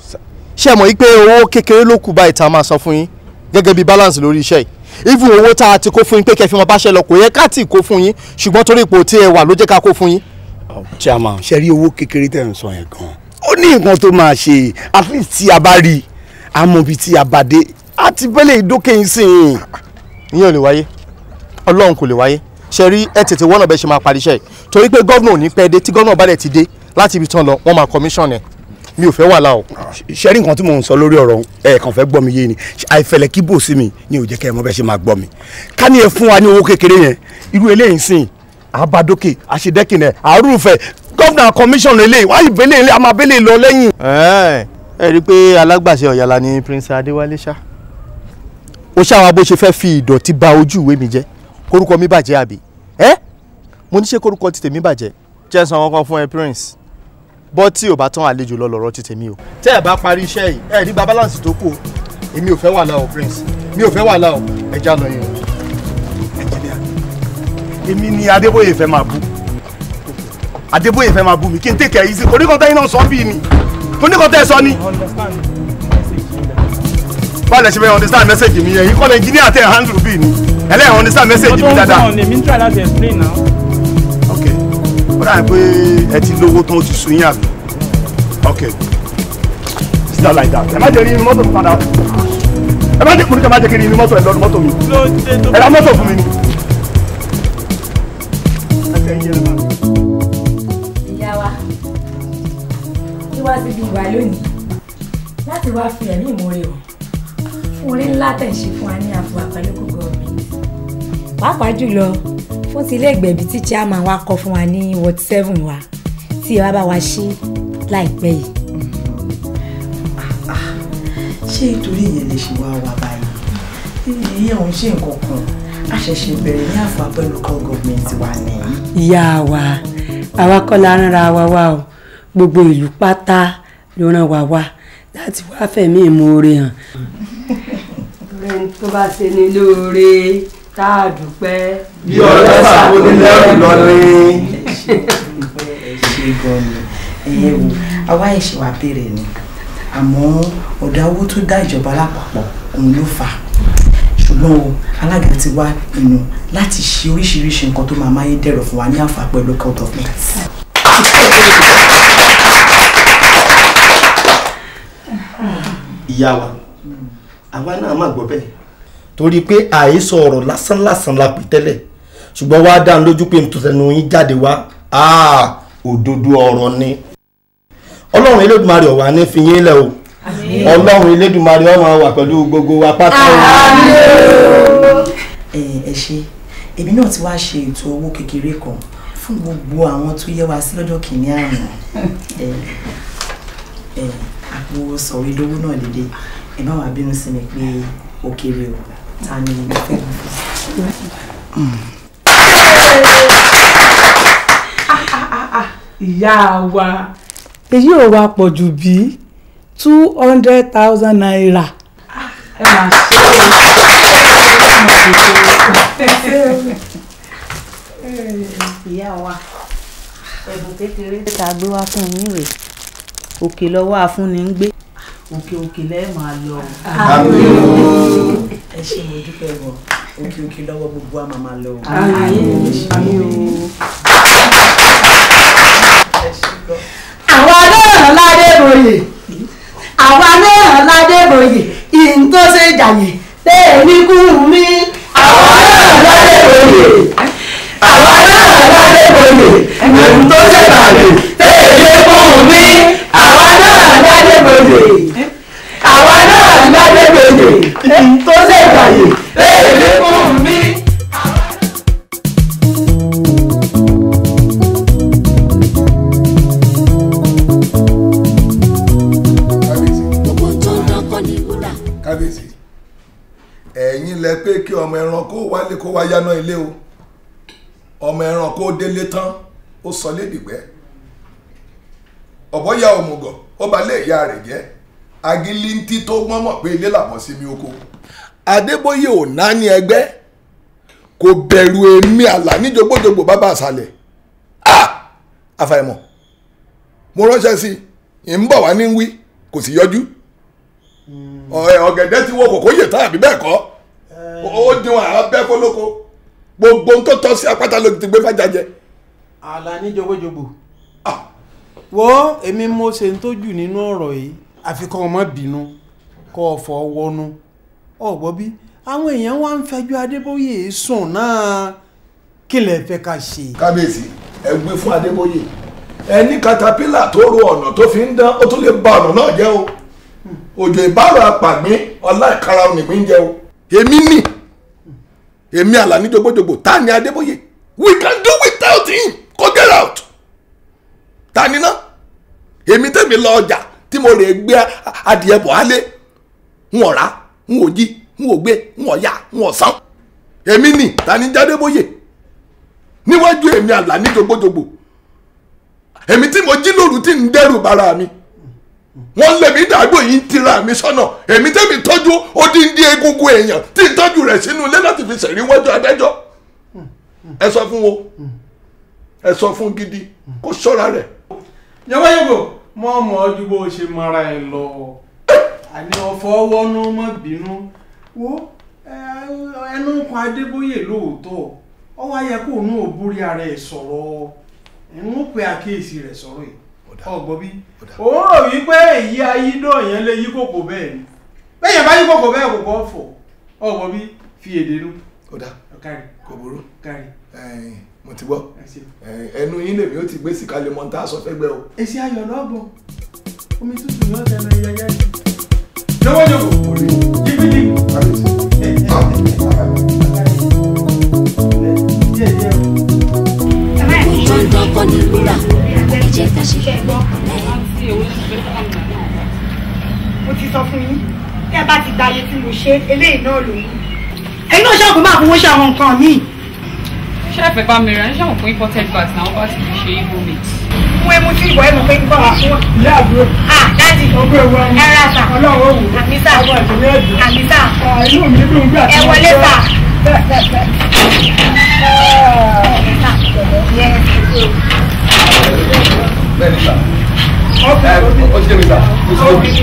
ṣe mọ̀ wípé owó kékeré ló kù báyìí tá a máa san fún yín gẹ́gẹ́ bí balance lórí iṣẹ́ yìí even owó tá a ti kó fún yín pé kẹfì wọn bá ṣe lọ kò yẹ ká tì kó fún yín ṣùgbọ́n torí ipò tí ẹ wà ló jẹ́ ká kó fún yín. Oh, chairman ṣe rí owó kékeré tẹ̀ ń sọ yẹn gan-an ó ní nǹkan tó máa ṣe at least tí a bá rí i a mọ ibi tí a bá dé a ti bẹ́lẹ̀ ìdókè yín sí i. ìyẹn ò lè wáyé ọlọ́run kò lè wáyé ṣe rí ẹ tètè wọ́nà bẹ́ẹ̀ ṣe máa parí iṣẹ́ yìí torí pé gọ́vnà láti ibi tán lọ wọ́n máa commission ẹ̀ mi ò fẹ́ wà láò. sẹ́rí nǹkan tí mò ń sọ lórí ọ̀rọ̀ ẹ̀ẹ̀kan fẹ́ gbọ́ mi yé ni àìfẹ̀lẹ̀ kí bò sí mi ni ò jẹ́ kẹ́ ẹ mọ bẹ́ẹ̀ ṣe máa gbọ́ mi ká ní ẹ fún wa ní owó kékeré yẹn irú eléyìí sìn àbádókè àṣedẹ́kìnẹ àrùfẹ́ gọ́vnà kọmíṣọ̀nù eléyìí wáyé ìbẹ́lẹ̀ ilé àmọ́ abẹ́lẹ̀ lọ lẹ́yìn. ẹ ẹ rí i pé alágbàṣe ọ̀yàlà ni prince adéwálé ṣá. ó ṣàwọn bó ṣe fẹ́ fi ìdọ̀tí ba ojú ìwé mi jẹ́ korúkọ mi bàjẹ́ àbí ẹ́ mo ní ṣe korúkọ ti tèmi bàjẹ́ jẹ́ san wọn kan fún ẹ prince bọ́ tí ò bá tán àlejò lọ lọ́rọ́ ti tèmi o. tẹ́ ẹ bá parí iṣẹ́ yìí ẹ rí balance tó kù èmi ò fẹ́ wàhálà o prince mi ò fẹ́ wàhálà o ẹ lọ yẹn. ẹnjìnìà èmi ni adébóyè fẹ́ máa bú adébóyè fẹ́ máa bú mi kí n tèkẹ́ yìí sí oníkọ́tà iná sọ bíi ni oníkọ́tà ẹ sọ ni. báyìí ṣe fẹ́ understand message mi yẹn yìí kọ́ lẹ́ńjìnìà tẹ̀ handle bíi ni ẹlẹ́yìn understand message mi dáadáa. ọjọ́ ń ó dà pé ẹ ti lówó tán ti sun yín àbí ok it's not like that ẹ má jẹ́ rí mọ́tò mi padà ẹ má jẹ́ kúrú ká má jẹ́ kí n rí mọ́tò ẹ lọ́nu mọ́tò mi ẹ ra mọ́tò fún mi ni. ìyá wa ìwà ti di ìwà lónìí láti wá fi ẹ̀mí ìmoore hàn fún orí ńlá tẹ̀ ṣe fún wa ní àfọwà pẹ̀lú pàápàá jùlọ fún ti ilé ìgbẹ̀bí tí chairman wa kọ fún wa ní ward seven wa tí ẹ wá bá wa ṣí láìpẹ́ yìí. ṣé nítorí ìyẹn lè ṣe wá wa báyìí ìyẹn òun ṣe nǹkan kan a ṣẹ̀ṣẹ̀ bẹ̀rẹ̀ ní àfà pẹ̀lú kọ́ gọ́ọ̀mẹ̀ntì wa ni. ìyá wa àwa kọ́ la ránra wa wá o gbogbo ìlú pátá ló ràn wá wá láti wá fẹ̀mí ìmoore hàn. rẹ̀ tó bá ṣe ni lóore tá a dúpẹ́. bí ọlọ́sà onílẹ̀rù lọ ní. ẹ ṣe gan-an ẹ̀yẹ wo àwa ẹ̀ṣẹ̀ wà bèrè ni àmọ́ ọ̀dà owó tó dá ìjọba lápapọ̀ òun ló fà á ṣùgbọ́n o alága ti wá inú láti ṣe oríṣiríṣi nǹkan tó máa máyé dẹ̀rọ̀ fún wa ní àǹfà pẹ̀lú local government. ìyá wa àwa náà má gbọ́ bẹ́ẹ̀ torí pé àhesọ ọ̀rọ̀ lásánlásán la pè tẹ́lẹ̀ ṣùgbọ́n wá dá lójú pé tòṣẹ̀nu yín jáde wá òdodo ọ̀rọ̀ ni. ọlọ́run elédùnmarè ọ̀wà ní fi yín lẹ̀ o ọlọ́run elédùnmarè ọmọ wà pẹ̀lú gbogbo wa pátá o. ẹ ẹ ṣe èmi náà ti wá ṣe ètò owó kékeré kan fún gbogbo àwọn tó yẹ wá sí lọ́jọ́ kìíní àná àpò sọ̀rọ̀ ìdówó náà dédé ẹ bá wà bínú sí mi pé ó kéré o ta ni mo fẹ́ lọ fún. ìyá wa èyí ò wá pọ̀ jù bí two hundred thousand naira. ẹ mà ṣe é ìyá wa ẹ̀bùn kékeré tá a gbé wá fún un nírèé òkè lọ́wọ́ afúnni ń gbé òkè òkè lẹ́ẹ̀ máa ẹ ṣe mo dúpẹ́ wọ òkè òkè lọ́wọ́ gbogbo àmà máa lọ. àmín àwa náà ládébòye àwa náà ládébòye ìyìn tó ṣe jàyè tẹ́ẹ̀ ní kúrú mi. àwa náà ládébòye àwa náà ládébòye ìyìn tó ṣe jàyè tẹ́ẹ̀ ní kúrú mi. àwa náà ládébòye àwa náà lágbègbè tó lè gbàyè èmi fún mi. kábíyèsí ẹ̀yin lẹ pé kí ọmọ ẹranko wálé kó wá yáná ilé o ọmọ ẹranko délé tán ó sọ lédìgbẹ́ ọ̀bọ ya òmùgọ̀ ó bà lé ìyá rẹ̀ jẹ́ agilinti tó gbọ́n mọ̀ pé ilé làbọ̀ sí mi oko adébóyè ò náni ẹgbẹ́ kò bẹ̀rù èmi àlà níjogbojogbò bàbá àṣàlẹ̀ àfàìmọ̀ mo ránṣẹ́ sí i ń bọ̀ wá ní wí kò sì yọjú hmm. ti yè bẹ́ẹ̀ kọ́ eh. gbogbo ń tó tọ́ sí apáta ló ti gbé fàjà jẹ. àlà níjogbojogbò wo èmi mo ṣe ń tójú nínú àfikọ́ ọmọ bínú kọ́ ọ̀fọ̀ wọnú ọ̀gbọ́n bí àwọn èèyàn wá ń fẹjọ́ adébóyè sùn náà kí lè fẹ́ ká ṣe. kábíyèsí ẹ gbé fún adébóyè ẹni katapila tó ro ọ̀nà tó fi ń dán ó tún lè ba ọ̀nà náà jẹ́ o òjò ìbára àpàgbé ọlá ìkara onígbín jẹ́ o. èmi ni èmi àlàní jogbojogbo ta ni adébóyè we can do without him go get out ta ni ná èmi tẹ̀mí lọ ọjà tí mo lè gbé adìẹ bọ̀ á lé n ò rà n ò jí n ò èmi nì tani jáde bóyè níwájú èmi àlà ní jogbojogbo èmi tí mo jí lóru tí ń dẹ́rù bara mi wọ́n lé mi dàgbò yìí ń tira mi sọ́nà èmi tẹ́mi tọ́jú odindi egungun èèyàn tí ń tọ́jú rẹ̀ sínú ilé láti fi ṣẹ̀rí wájú adájọ́ ẹ sọ fún wo ẹ sọ fún gidi kó ṣọ́ra rẹ̀. yàrá yóò mọ́ọ̀mọ́ ọdún bó ṣe mara ẹ̀ lọ àní ọ̀fọ̀ wọnú má bínú wo ẹnu ń kọ adébóyè lóòótọ́ ọ wá kó òun ò ara sọ̀rọ̀ ń pè àkíyèsí rẹ sọ̀rọ̀ yìí ọgbọ́n bí òun rò wípé èyí bẹ́ẹ̀ ni bá bẹ́ẹ̀ kò kọ́ fọ̀ ọgbọ́n bí mo ti gbọ́ ẹnu yín lèmi ó ti gbé síkàlẹ̀ mọ́ta aṣọ fẹ́gbẹ́ o. èsì ayọ̀ lọ́bọ̀ omi tútù náà tẹnu yẹyẹ. lọ́wọ́ yòókù orí jíbílì. gbọ̀ngàn kọ́ ni rúra ẹ̀jẹ̀ ká ṣe fẹ́ gbọ́. mo ti sọ fún yín tẹ́ ẹ bá ti gba ayé tí mo ṣe eléyìí náà lòun. ẹ̀yin náà ṣàkóso máa fowó ṣe àwọn nǹkan míì ṣé ẹ̀fẹ̀ bá mi ra ẹ ṣàwọn fún imported bags náà bá ti ṣe ibo mi. fún ẹmu tí ìwọ ẹmu pé ń bá wa fún ìyá àbúrò. ah dadi ah ra sa àmísà àmísà ẹ wọlé sa. bẹ́ẹ̀ni sa ọ ṣe mi sa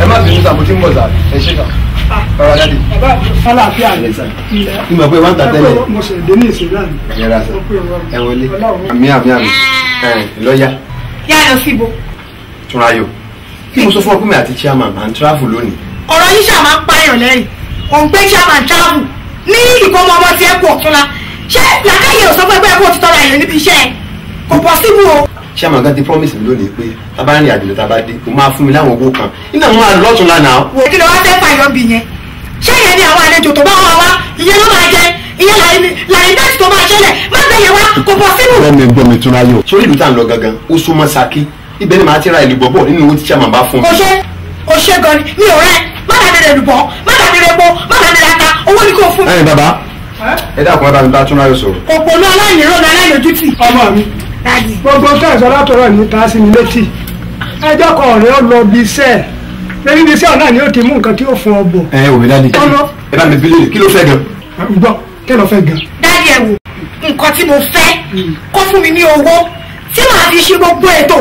ẹ má bínú sa mo ti ń bọ̀ sa ẹ ṣe kan ọ̀rọ̀ dáàdi. bàbá aláàfíà ni ilẹ̀. ìmọ̀ pé wọ́n ń ta tẹ́lẹ̀. mo ṣe dé ní ìṣúná mi. yàrá sọ ẹ wọlé àmì àmì àmì lọ́ọ̀yà. yá lọ sí ibo. túnra yò kí mo sọ fún ọkùnrin àti chairman máa ń travel lónìí. ọ̀rọ̀ yìí ṣáà máa ń pààyàn lẹ́yìn kò ń pé chairman travel ní ìkómọ ọmọ ti ẹ̀kọ́ ọ̀túnla ṣé làkàyè òsọ́gbẹ́gbẹ́ ẹ̀kọ́ òtítọ́ra yẹn níbi iṣẹ́ kò pọ̀ síbú o ṣé àmọ́ gan ti promise mi lónìí pé tá a bá rìn àjò tá a bá dé o máa fún mi láwọn owó kan iná mo máa lọ lọ́tún lánàá. wò kí ló wá fẹ́ fàyọ̀ bì yẹn ṣé ìyẹn ni àwọn àlejò tó bá wà wá ìyẹn ló máa jẹ ìyẹn làyẹ̀dẹ́sì tó máa ṣẹlẹ̀ má gbẹ̀yẹ̀ wá kò bọ̀ sínú. bẹ́ẹ̀ mi gbọ́ mi túnra yọ. sórí ìlú tá à ń lọ gangan ó súnmọ́ Ṣakí ibẹ̀ ni màá ti ra ìlú bọ̀bọ̀ nínú owó tí chairman bá fún mi. kò ṣe kò ṣe gan ni mi ò rẹ má dàbí rẹ lùbọ má dàbí rẹ bọ má dàbí rẹ ata owó ni kò fún mi. ẹ bàbá ẹ dákun ẹ bá mi bá túnra yọ sọ̀rọ̀. òpònú aláìníró ni aláìlójútì. ọmọ mi gbogbo tó ẹ̀sọ́ látọ̀rọ̀ ní ta sí mi létí ẹjọ́ kan ọ̀rẹ́ ó lọ bí iṣẹ́ ẹ níbi iṣẹ́ náà ni ó ti mú nǹkan tí ó fún ọ bọ̀. ẹ ò rí dáàdi ẹ bá mi bílẹ̀ kí ló fẹ́ gan. gbọ́ kí ló fẹ́ gan. dáàdi ẹ wò nǹkan tí mo fẹ́ hmm. kó fún mi ní owó tí màá fi ṣe gbogbo ètò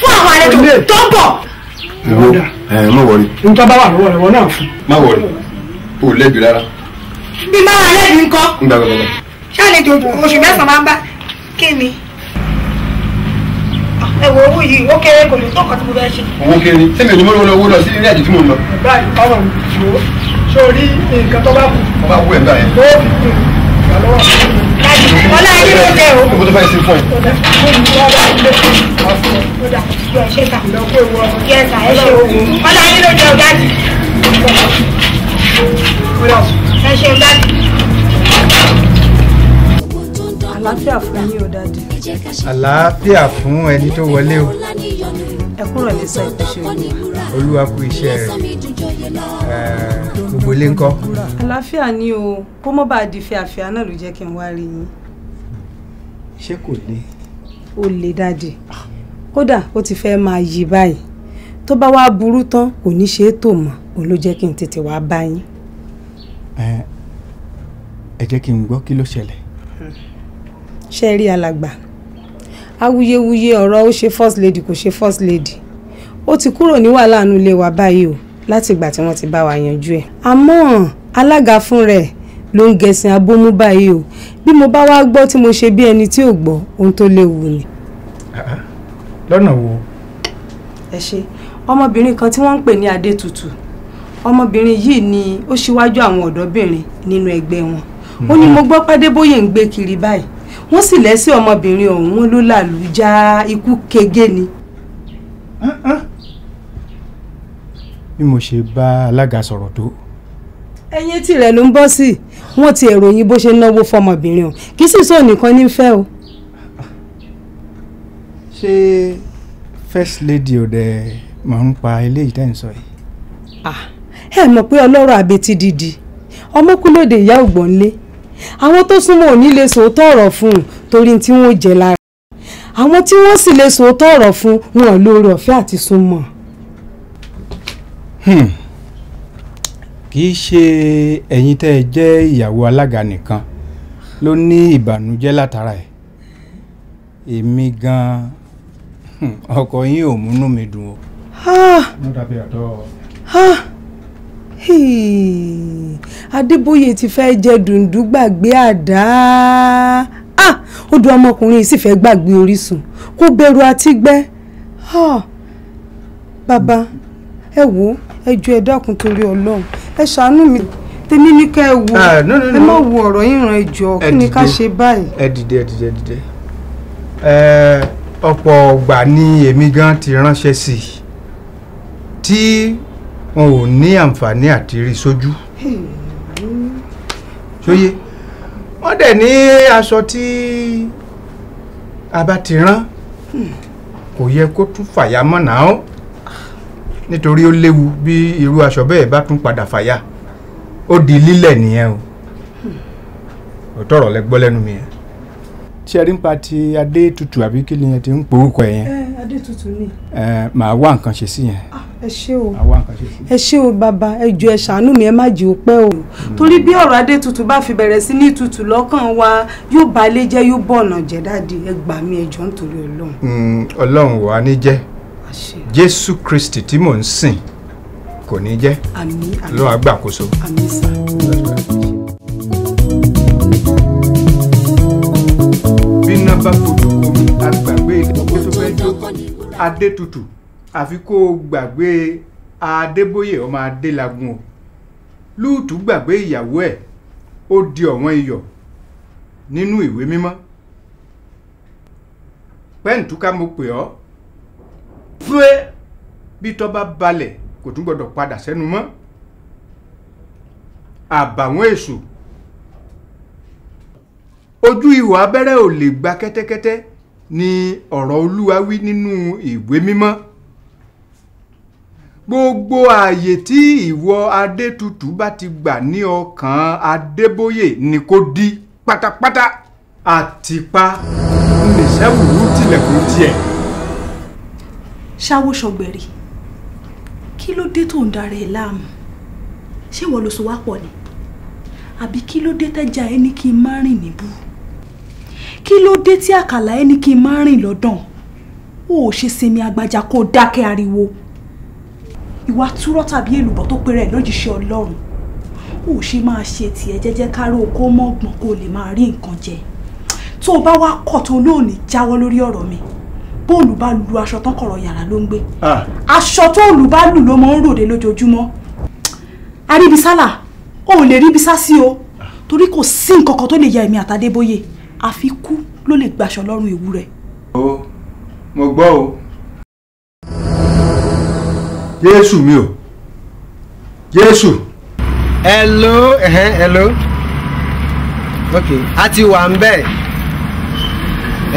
fún àwọn àlejò tó ń bọ̀. ẹ má wọrí. nítorí bá wà lọ́wọ́ rẹ̀ wọ́n náà fún. má wọrí o lẹ́bi rárá. bí má wà lẹ́bi ńkọ́. ṣáà lè jòjò ń bá kí ni. Ah, ẹ wo owó yìí ó kéré kò lè tó nǹkan tí mo fẹ́ ṣe. owó kéré sẹ́mi ò ní mọ́lẹ́wọ́ lọ́wọ́ lọ sí ilé àjò tí mo lọ. báyìí báwọn ìṣòro sórí nǹkan tó bá kù. tó bá kú ẹ̀ báyìí. ó fi kún ìgbàlọ́wọ́. ọlá ẹni ló dé o. ìbò tó fẹ́ sí fún ẹ. ó dà fún mi wọ́n bá ọlá ẹni ló dé o dájú àlàáfíà fún yín o dáàdì. àlàáfíà fún ẹni tó wọlé o. ẹ kúrò ní sọ ìpèsè yìí. olúwa kú iṣẹ́ rẹ̀ gbogbo ilé ńkọ́. àlàáfíà ni o kó mọ́ bá a di fíafíà náà ló jẹ́ kí n wá rí yín. ṣé kò le. ó le dáàdì kódà ó ti fẹ́ máa yí báyìí tó bá wá burú tán kò ní ṣe é tò mọ́ òun ló jẹ́ kí n tètè wá bá ẹ ẹ jẹ́ kí n gbọ́ kí ló ṣẹlẹ̀ ṣe rí alàgbà awuyewuye ọ̀rọ̀ ó ṣe first lady kò ṣe first lady ó ti kúrò ní wàhálà inú ilé wa báyìí o láti ìgbà tí wọ́n ti bá wa yanjú ẹ̀ àmọ́ alága fún rẹ̀ ló ń gẹ̀sìn abómú báyìí o bí mo bá wá gbọ́ tí mo ṣe bí ẹni tí ò gbọ́ ohun tó léwu ni. Ah, ah. lọ́nà wo. ẹ ṣe ọmọbìnrin kan tí wọ́n ń pè ní adétutù ọmọbìnrin yìí ni ó ṣíwájú àwọn ọ̀dọ́bìnrin nínú ẹgbẹ́ wọn ó ní hmm. mo gbọ́ pàdébóyè ń gbé kiri báyìí wọ́n sì lẹ́sẹ̀ ọmọbìnrin ọ̀hún ló làlùjá ikú kege ni. bí mo ṣe bá alága sọ̀rọ̀ tó. ẹyin tirẹ̀ ló ń bọ́ sí wọ́n ti èròyìn bó ṣe náwó fọmọbìnrin ọ̀hún kì í sì sọ nìkan ní fẹ́ o. ṣé first lady ọ̀dẹ máa ń pa eléyìí tẹ́ ń sọ yìí. ẹ mọ̀ pé ọlọ́rọ̀ àbètí dìdì ọmọkúlóde ìyá ògbọ́nlé àwọn tó súnmọ́ òní lè sòótọ́ ọ̀rọ̀ fún un torí tí wọ́n jẹ lára àwọn tí wọ́n sì lè sòótọ́ ọ̀rọ̀ fún wọn lóore ọ̀fẹ́ àti súnmọ́. Hmm. kì í ṣe ẹ̀yin tẹ́ ẹ jẹ́ ìyàwó alága nìkan ló ní ìbànújẹ́ látara ẹ̀ èmi gan hmm, ọkọ yín ò múnú mi dùn o. Ah! mo dàbí àtọ́. Adébóyè ti fẹ́ jẹ dùndú gbàgbé àdá ah, odò ọmọkùnrin sì fẹ́ gbàgbé orísun kó bẹ̀rù àti gbẹ́ ah, bàbá ẹ wò ẹ ju ẹ dákun torí Ọlọ́run ẹ ṣàánú mi tèmi ní kẹ́ ẹ wò ah, ẹ má wo ọ̀rọ̀ yín ràn ẹ jọ kí ni ká ṣe báyìí. ẹ dìde ẹ dìde ẹ dìde ọ̀pọ̀ ọgbà ni èmi gan ti ránṣẹ́ sí i tí wọn ò ní àǹfààní àti rí sójú sóyè wọ́n dẹ̀ ní aṣọ tí a bá ti rán kò yẹ kó tún fàyà mọ́ náà ó nítorí ó léwu bí irú aṣọ bẹ́ẹ̀ bá tún padà fàyà ó di lílẹ̀ nìyẹn o ò tọrọ lẹ gbọ́ lẹ́nu mi yẹn. tí ẹ rí ń pa ti adé tutù àbí kí ni ẹ ti ń pòórùkọ ẹ yẹn. Eh adétutù ni. ẹ màá wá nǹkan ṣe sí yẹn. Ah, ẹ ṣé o ẹ ṣé o bàbá ẹ jọ̀ọ́ ẹ ṣàánú mi ẹ má jì ó pẹ́ o hmm. torí bí ọ̀rọ̀ adétutù bá fi bẹ̀rẹ̀ sí ní tutù lọ́kàn wa yóò bà ilé jẹ́ yóò bọ̀ ọ̀nà jẹ́ dáàdi ẹ gbà mí ẹ jọ̀ọ́ nítorí ọlọ́run. Hmm, ọlọ́run wa ní jẹ́ jésù kristi tí mò ń sìn kò ní jẹ́ lọ́wọ́ àgbàkóso. àmín sà. bíná bá fojú omi àgbàgbé ìdókòsófẹ́jọ́ adétutù àfi kó o gbàgbé adébóyè ọmọ adélagun o lúùtù gbàgbé ìyàwó ẹ̀ ó di ọ̀wọ́n iyọ̀ nínú ìwé mímọ́ pẹ́ǹtúká mo pè ọ́ fúé bí tọ́ bá balẹ̀ kò tún gbọ́dọ̀ padà sẹ́nu mọ́ àbàwọ́n èṣù ojú ihò abẹ́rẹ́ ò lè gba kẹ́tẹ́kẹ́tẹ́ ni ọ̀rọ̀ olúwa wí nínú ìwé mímọ́ gbogbo ààyè tí ìwọ adétutù bá ti gbà ní ọkàn adébóyè ni kò di pátápátá àtìpa nìṣẹ́wùrú tilẹ̀kùn tiẹ̀. ṣáwó ṣọgbẹ̀rì kí ló dé tó ń dara ẹ̀ láàmú ṣé ìwọ ló so wá pọ̀ ni àbí kí ló dé tẹ́jà ẹ ní kí n má rìn níbú kí ló dé tí àkàlà ẹni kí n máa rìn lọ́dàn ó ò ṣe sinmi agbájá kó dákẹ́ ariwo ìwà túrọ́ tàbí èlùbọ́ tó péré ẹ̀ lójíṣẹ́ ọlọ́run ó ò ṣe máa ṣe tiẹ̀ jẹ́jẹ́ káró kó mọ́gbọ̀n kó lè máa rí nǹkan jẹ tó o bá wá kọ̀ tó lóòní jáwọ́ lórí ọ̀rọ̀ mi bóòlù bá lu aṣọ tán kọ̀rọ̀ yàrá ló ń gbé aṣọ tó lù bá lù ló máa ń ròde lójoojúmọ́ aríbisálà ò lè ríbisá sí o torí kò sí nǹkan kan tó lè ya èmi àtàdébóyè àfikú ló lè gbaṣọ lọ́rùn ewúrẹ́. o mo gbọ́ o. jésù mi o jésù. hello ẹ̀hẹ́n hello ok a ti wà ń bẹ̀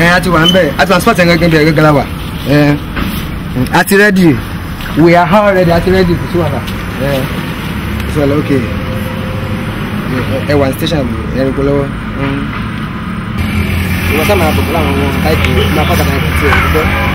ẹ̀ a ti wà ń bẹ̀ a ti wà ń spọ́ọ̀tì ẹ̀gẹ́gẹ́ la wà ẹ̀ a ti rẹ́dì we are all ready a ti rẹ́dì kò sí wàhálà ẹ̀ kò sí wàhálà ok ẹ̀ wà ní station ẹ̀rọ ìpolówó. unasema napokulala u m a p a k a na kutia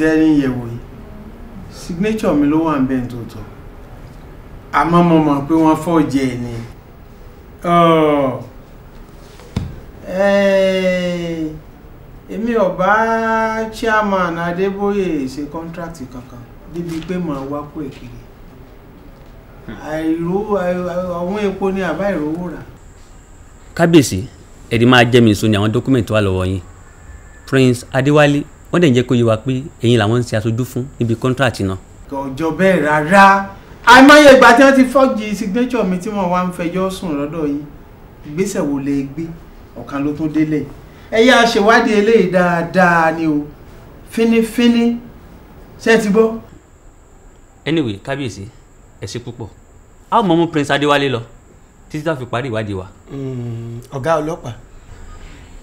tẹ́rí ń yìí signature mi ló wà ń bẹ́ẹ̀ tó tọ̀ àmọ́ mo mọ̀ pé wọ́n fọ́ jẹ́ ni eh, èmi ọba chairman Adébóyè ṣe contract kankan débi pé màá wá kó èkìrì àwọn epo ni àbá ìrówó rà. kábíyèsí ẹ̀rí máa jẹ́ mi sọ ni àwọn dókúmẹ̀ntì wà lọ́wọ́ yín Prince Adéwálé wọ́n dẹ̀ ń jẹ́ kó yé wa pé ẹ̀yin làwọn ń ṣe aṣojú fún níbi kọ́ńtráàtì náà. kò bẹ́ẹ̀ rárá àìmọye ìgbà tí wọ́n ti fọ́ọ̀jì signature mi tí wọ́n wá ń fẹjọ́ sùn lọ́dọ̀ yìí ìgbésẹ̀ wo lè gbé ọ̀kan ló tó délẹ̀ ẹ yá eléyìí dáadáa ni o fínífíní ṣe ti bọ́. anyway kábíyèsí ẹ ṣe púpọ̀ a ó mọ̀ mú prince adéwálé lọ títí tá a fi parí ìwádìí wa. Hmm, ọ̀gá ọlọ́pàá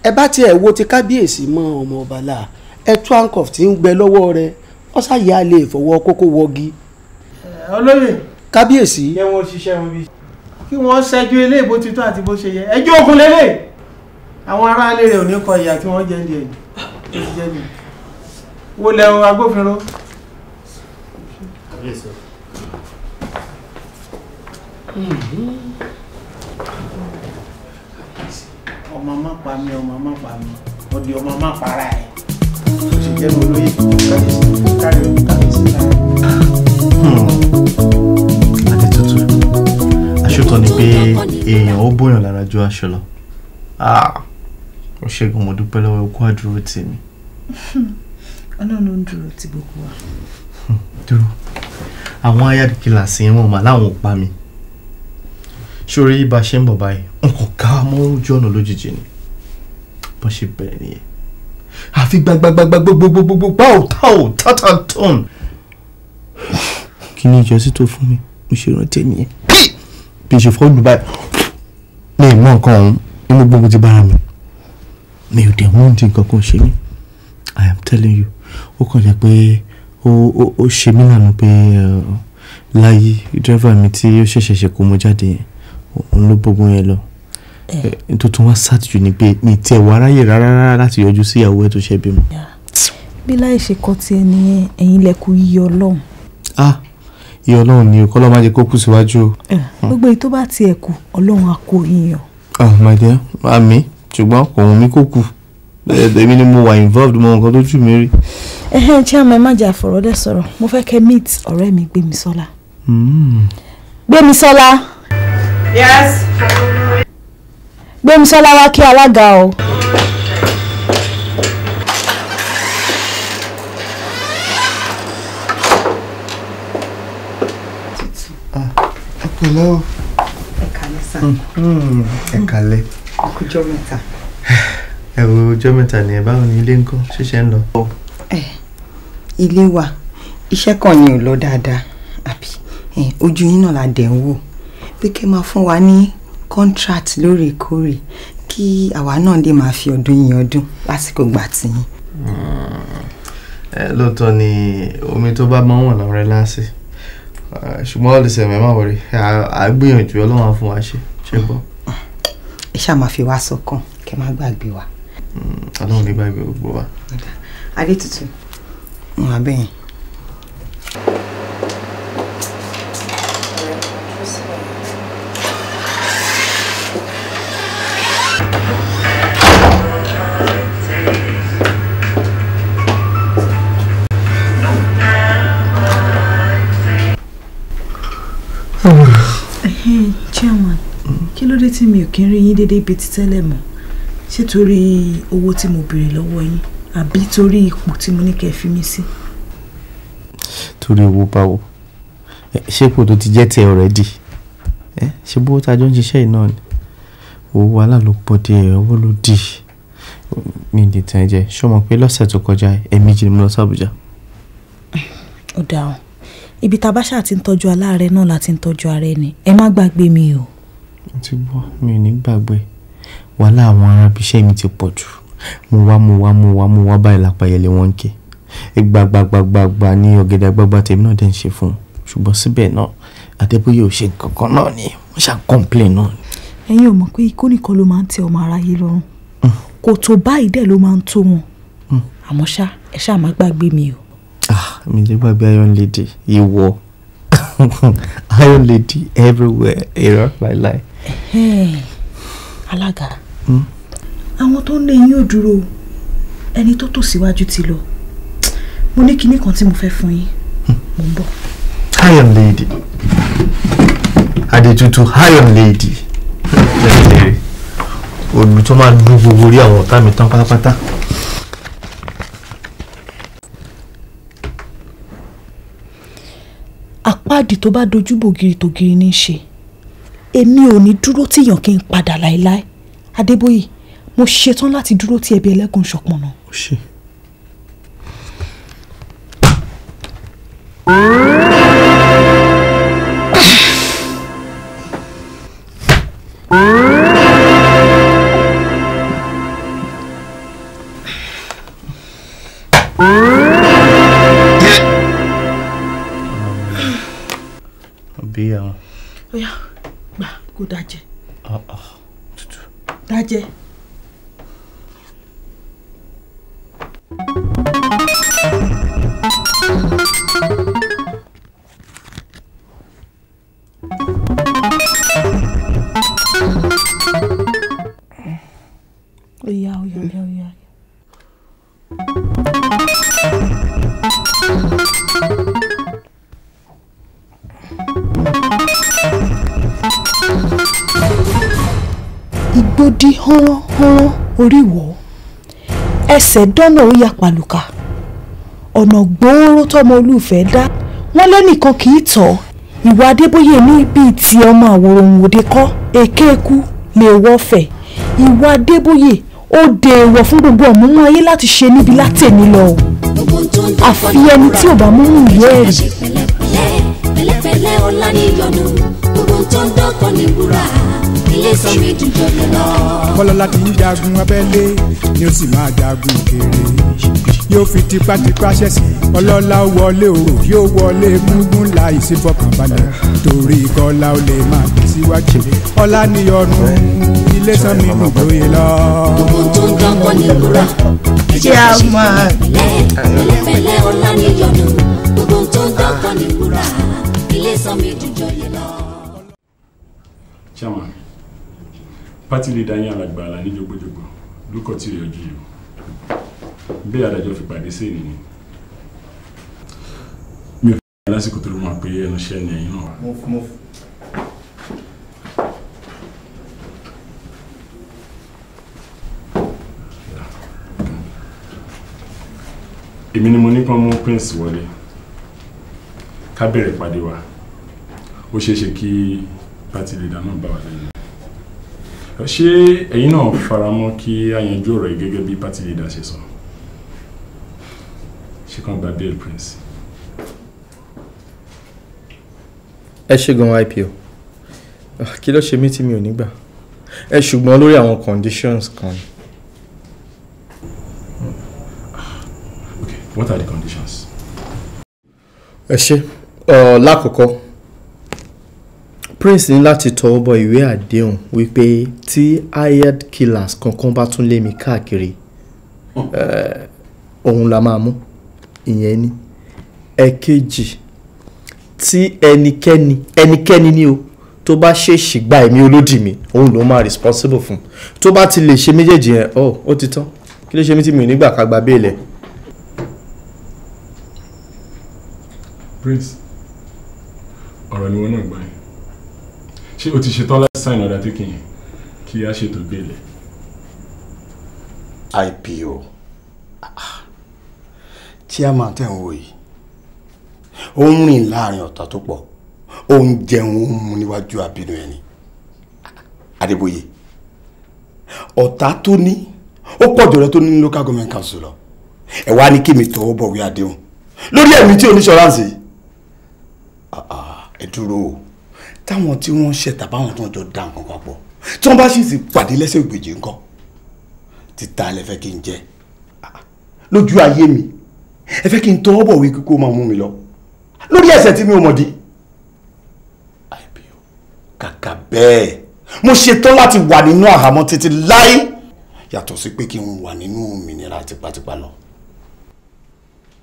ẹ bá tiẹ̀ wo ti kábíyèsí mọ́ ọmọ ọba láà ẹtú handcuff tí ń gbẹ lọ́wọ́ rẹ wọ́n ṣàyà lè fọwọ́ kókó wọgi. olóyè kábíyèsí. kí wọ́n ṣiṣẹ́ wọn bí. kí wọ́n ṣẹ́jú ilé ìbò títọ́ àti bó ṣe yẹ ẹjọ́ òkun lélẹ̀ àwọn aráalé rẹ̀ ò ní kọ ìyà tí wọ́n jẹ́ ní ẹ̀yìn wo lẹ o agbófinró. ọmọ má pa mí ọmọ má pa mí ọdí ọmọ má para ẹ tó ṣe jẹ́ mi olóyè kábíyèsí kárí kábíyèsí lára. àti tuntun aṣọ́tọ̀ ni pé èèyàn ó bóyàn lára ju aṣọ lọ ó ah, ṣẹ́gun mo dúpẹ́ lọ́wọ́ ikú àdúró tì mí. Hmm. ọlọ́run ló ń dúró ti gbogbo wa. dúró àwọn ayádìkìlà sí wọn mà láwọn ò pa mi sórí bá a ṣe ń bọ̀ báyìí n kò ká mọ́rún ojú lójijì ni bó ṣe bẹ̀rẹ̀ nìyẹn àfi gbagbagbagba gbogbogbogbo pa òtá òtá tàntàn. kí ni ìjọsìn tó fún mi mo ṣe rántí ẹni yẹn bí n ṣe fọ́ lù báyìí mi ì mọ nǹkan ọ̀hún inú gbogbo ti bára mi mi ò dẹ̀ wọ́n di nǹkan kan ṣe mí i am telling you ó kàn jẹ́ pé ó ṣe mí lànà pé uh, láyé dírẹ́fà mi tí ó ṣẹ̀ṣẹ̀ ṣe kó mo jáde yẹn òun ló bógun yẹn lọ. Eh. Eh, tuntun wá sátìjú ni pé mi tiẹ̀ wá ráyè rárá láti yọjú sí ìyàwó ẹ̀ tó ṣe bímọ. bí láì ṣe kọ́ ti ẹni yẹn ẹ̀yin lẹ́kùn yíyọ ọlọ́run. ah iye ọlọ́run ni kọ́ lọ́ọ́ má jẹ́ kó kù síwájú o. Eh, hmm. gbogbo èyí tó bá tiẹ̀ kù ọlọ́run á kó yíyan. ah my dear àmì ṣùgbọ́n kò wọ́n mi kó kù èmi ni mo wà involved mo nǹkan tó jù mí rí. ẹhẹn chairman má jà fọ̀rọ̀ dẹ̀ sọ̀rọ̀ mo fẹ́ kẹ́ meet ọ̀rẹ́ mi Gbémisọ́lá. Hmm. Gbémisọ́lá. yes gbémisọ́lá wá kí alága o. pẹ̀lẹ́ o. ẹ kálẹ́ sá. Hmm, hmm, ẹ hmm. kálẹ́. ọkùnjọ́ mẹ́ta. ẹ wo ọjọ́ mẹ́ta ni ẹ báwo ni ilé ńkọ́ ṣíṣe ń lọ. ẹ ilé wa iṣẹ́ kan ni ò lọ dáadáa àbí ojú yín náà la dẹ̀ ń wò pé kẹ́ máa fún wa ní contract lóòrèkóòrè kí àwa náà lè máa fi ọdún yín ọdún lásìkò gbà tìyín. Hmm. Eh, lóòótọ́ ni omi tó bá máa ń wọ̀n lára láàṣì eh, ṣùgbọ́n ọ̀lẹ́sẹ̀ mẹ́ máa wọ̀rẹ́ àgbìyànjú ọlọ́run fún wa ṣe ṣe gbọ́. ẹ ṣáà máa fi wá sọ́kàn kẹ́ má gbàgbé wa. Hmm, ọlọ́run ní gbàgbé gbogbo wa. adétutù wọn abẹ́yẹn tí mi ò kí ń rí yín déédéé bíi ti tẹ́lẹ̀ mọ́ ṣé torí owó tí mo béèrè lọ́wọ́ yín àbí torí ipò tí mo ní kẹ́ ẹ fi mí sí. torí owó báwo ṣé ipò tó ti jẹ́ tiẹ̀ already ṣé bówó tá a jọ ń ṣiṣẹ́ yìí náà ni owó alálòpọ̀ díẹ̀ owó ló dì mí ìdí tẹ̀ jẹ́ ṣé o mọ̀ pé lọ́sẹ̀ tó kọjá ẹ̀ẹ̀mejì ni mo lọ sí Àbújá. ó dáa ibi tá a bá ṣáà ti ń tọ́jú aláàárẹ̀ náà la ń tọ́jú ara ẹni ẹ má gbàgbé mi o mo ti gbọ́ mi ò ní gbàgbé wàhálà àwọn arábíṣẹ́ mi ti pọ̀ jù mo wá mo wá mo wá mo wá báyìí lápáyẹlẹ wọn kì í gbàgbàgbàgbà ní ọ̀gẹ̀dẹ̀ àgbàgbà tèmi náà dẹ̀ ń ṣe fún un ṣùgbọ́n síbẹ̀ náà Adébóyè ò ṣe kankan náà ni wọ́n ṣá complain náà. ẹ̀yin ò mọ̀ pé ikú nìkan ló máa ń tẹ ọmọ aráyé lọ́rùn hmm. kò tó báyìí dẹ̀ ló máa ń tó wọn hmm. àmọ́ ṣá ẹ ṣáà má gbàgbé mi o. Ah, mi lè gbàgbé iron lady ìwọ *laughs* iron lady everywhere you know my life alága hmm? àwọn tó ń lé yín ò dúró ẹni tó tò síwájú ti lọ mo ní kinní kan tí mo fẹ́ fún yín hmm. mo ń bọ̀. iron lady adetutu iron lady lẹ́yìnlẹ́rẹ́ olù tó máa dún gbogbo orí àwọn ọ̀tá mi tán pátápátá. àpáàdì tó bá dojú bògiri tògiri ní í ṣe èmi ò ní dúró tìyàn kí n padà láéláé adébóyè mo ṣetán láti dúró tí ẹbí ẹlẹ́gùn ṣọpọ̀nà. ó ṣe. ẹsẹ̀ dánà ó yà pàlùkà ọ̀nà gbòòrò tọmọ olùfẹ́ dá wọn lẹ́nìkan kì í tọ̀ ìwà adébóyè ní bíi ti ọmọ àwòrán-òde kọ́ èké eku lè wọ́fẹ̀ ìwà adébóyè ó de èèwọ̀ fún gbogbo ọ̀múmú ayé láti ṣe níbi látẹ̀mí lọ àfi ẹni tí ò bá mú mú ìyá ẹ̀ rí. pẹ̀lẹ́pẹ̀lẹ́ ọlá níyọnu gbogbo tó ń dọkọ ní wúrà ilé san méjì jọyè lọ. Bọ́lọ́ládé ń jagun abẹ́lé ni ó sì máa jagun òkèèrè. Yóò fi tipátipá ṣẹ̀sì ọlọ́lá ó wọlé òrò yóò wọlé gúngún láì sí fọkànbalẹ̀ torí kọ́lá ó lè máa tẹ̀síwájú. Ọlá ni ilé san mímú jọyè lọ. Gbogbo tó ń dánkọ́ ní ìrora. Ẹ jẹ́ àwọn àgbẹ̀ lẹ́yìn. Pati lè dáyìn alàgbà àlà ní jogbojogbo lókọ̀ tí rẹ̀ ojú yìí bẹ́ẹ̀ adájọ́ fi pàdé sí ènìyàn mi ò fi lásìkò tó ló máa pé ẹnu iṣẹ́ ni ẹ̀yìn náà wà. èmi ni mo ní kán mú prince wọlé ká bẹ̀rẹ̀ pàdé wa ó ṣeé ṣe kí pátì lè dáná bá wà lẹ́yìn ṣé ẹ̀yin náà faramọ́ kí a yanjú ọ̀rọ̀ yìí gẹ́gẹ́ bí party leader ṣe sọ ṣe kàn gba bail prince. ẹ ṣe gan ipo ah, kí ló ṣe mí tí mi ò ní gbà ẹ ṣùgbọ́n lórí àwọn conditions kan. okay what are the conditions. ẹ ṣe lákòókò. Uh, prince ní láti tọwọ́ bọ ìwé àdéhùn wípé tí hired killers kankan bá tún lé mi káàkiri òun eh, la máa mú ìyẹn ni ẹ̀kejì tí ẹnikẹ́ni ẹnikẹ́ni ni o tó bá ṣèèṣì gba ẹ̀mí olódì mi òun ló máa responsible fún tó bá ti lè ṣe méjèèjì yẹn ọ oh, ó ti tán kí ló ṣe mí tí mi ò nígbà ká gba béèlẹ̀. prince ọ̀rọ̀ ni wọ́n náà gbà yín ṣé o ti ṣetán láti sign ọ̀dà tó kìyìn kí a ṣètò gbélé. IPO chairman tẹ̀ ń wò yìí ó ń rìn láàrin ọ̀tá tó pọ̀ ó ń jẹun ó ń mu níwájú àbínú ẹni Adébóyè ọ̀tá tó ní ó pọ̀ jọ̀rọ̀ tó ní ní local government council lọ ẹ wá ní kí mi tọwọ́ bọ̀wé àdéhùn lórí ẹ̀mí tí oníṣọ́ránsì ah, ah, ẹ dúró o táwọn tí wọ́n ṣe tàbáwọn tó ń jọ dá nǹkan papọ̀ tí wọ́n bá sì sì pàdé lẹ́sẹ̀ ògbèjì ńkọ́ títa ẹ fẹ́ kí n jẹ ah, lójú ayé mi ẹ fẹ́ kí n tọ́ bọ̀ wí kíkó máa mú mi lọ lórí ẹsẹ̀ tí mi ò mọ̀dí kàkà bẹ́ẹ̀ mo ṣetán láti wà nínú àhámọ́ títí láé yàtọ̀ sí pé kí n wà nínú òmìnira tipátipá lọ.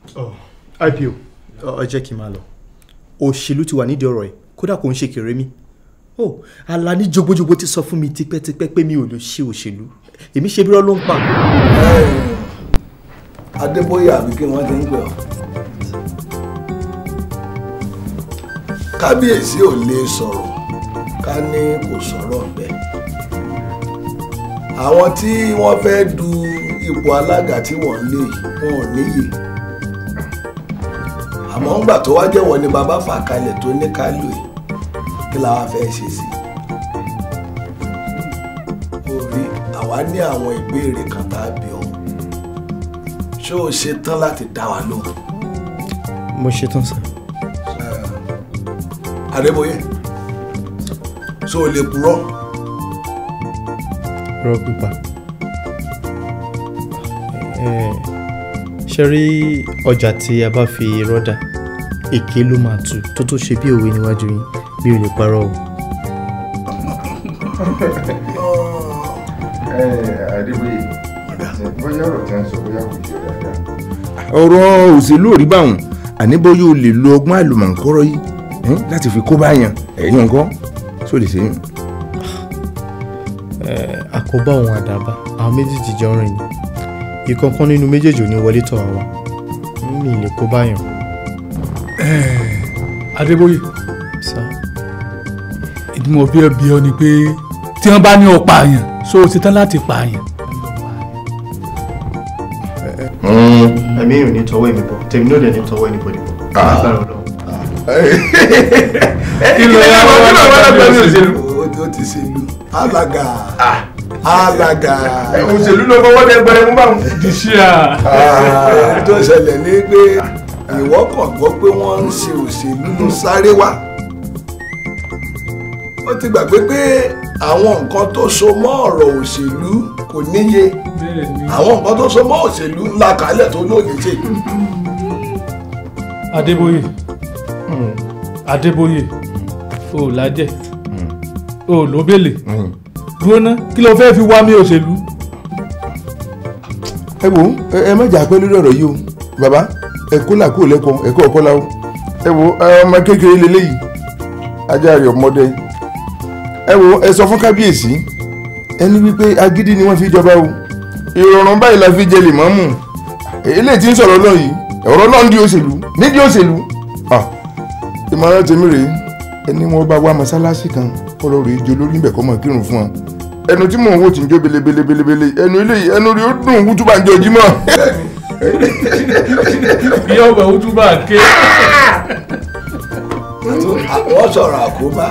ipo oh, ẹ jẹ́ kí n máa lọ òṣèlú ti wà nídìí ọ̀rọ̀ yìí kódà kò ń ṣe kèrè mi oh Alani jogbojogbo ti sọ fún mi tipẹ́tipẹ́ pé mi ò lè ṣe òṣèlú èmi ṣe bírọ́ ló ń pa. Adébóyè àbí kí wọ́n ti ń pè ọ́ kábíyèsí ò lè sọ̀rọ̀ ká ní kò sọ̀rọ̀ ọ̀bẹ àwọn tí wọ́n fẹ́ du ipò alága tí wọ́n lè wọn ò níyì àmọ́ ńgbà tó wá jẹ́wọ́ ni bàbá fà kalẹ̀ tó ní kálù yìí kí la wá fẹ́ ṣe sí i orí àwa ní àwọn ìbéèrè kan tá a bí ọ ṣé o ṣe tán láti dá wa lóhùn. mo ṣe tán sir. Adébóyè ṣé o lè purọ́. rọ pípa. ṣe rí ọjà tí a bá fi rọ́dà èké ló máa tù tó tó ṣe bí òwe níwájú yín mi ò lè parọ́ o. *laughs* Eh, adébóyè bóyá ọ̀rọ̀ tí wọ́n sọ bóyá kò jẹ́ dáadáa. ọ̀rọ̀ òṣèlú ò rí báwọn àní bóyá o lè lo ọgbọ́n àlùmọ̀ǹkọ́rọ́ yìí láti fi kó báyàn ẹ̀yìn nǹkan sóde sẹ́yìn. Eh, àkóbá òun àdàbà àwọn méjèèjì jọ rìn ni ìkankan nínú méjèèjì ò ní wọlé tọ̀ wá mi lè kó báyàn. Adébóyè ìdí mo bí ẹ bí ọ ni pé tí wọ́n bá ní ọ pààyàn so o ti tán láti pààyàn. ẹ̀mí èèyàn ní tọwọ́ èmi bọ̀ tèmi náà dẹ̀ ní tọwọ́ anybody bọ̀ lágbára ọ̀dọ́. kí ló yà wọ́n wọ́n lọ́wọ́ lọ́wọ́ lọ́wọ́ lọ́wọ́ lọ́wọ́ lọ́wọ́ lọ́wọ́ lọ́wọ́ lọ́wọ́ lọ́wọ́ lọ́wọ́ lọ́wọ́ alága. òṣèlú ló fọwọ́ dẹgbẹrẹ mú bá di sí à. Ah, tó ṣẹlẹ̀ ní pé ìwọ kàn gbọ́ pé wọ́n ń ṣe òṣèlú ló sáré wá ó ti gbàgbé pé àwọn nǹkan tó so mọ́ ọ̀rọ̀ òṣèlú kò níye àwọn nǹkan tó so mọ́ òṣèlú ńlá kálẹ̀ tó lóye ṣe. Adébóyè hmm. Adébóyè o ò lájẹ hmm. o ò lóbèlè. Hmm. dúró kí ló fẹ́ fi wá mi òṣèlú. ẹ wo ẹ ọ̀rọ̀ yìí bàbá ẹ kó ẹ wo ọmọ kékeré ọmọdé ẹ wo ẹ sọ fún kábíyèsí ẹni wípé agídí ni fi jọba o ìrọ̀rùn báyìí la fi ń sọ̀rọ̀ náà yìí ọ̀rọ̀ náà ń di òṣèlú kọ́rọ̀ rèé jẹ olórí ibẹ̀ kọ́ mọ̀ kírun fún ọ ẹnu tí mò ń wò tí ń jó belebelebele ẹnu ilé yìí ẹnu rí ó dùn wútúbà ń jẹ ojúmọ́. bí ọbẹ̀ wútúbà ké. wọ́n sọ̀rọ̀ àkóbá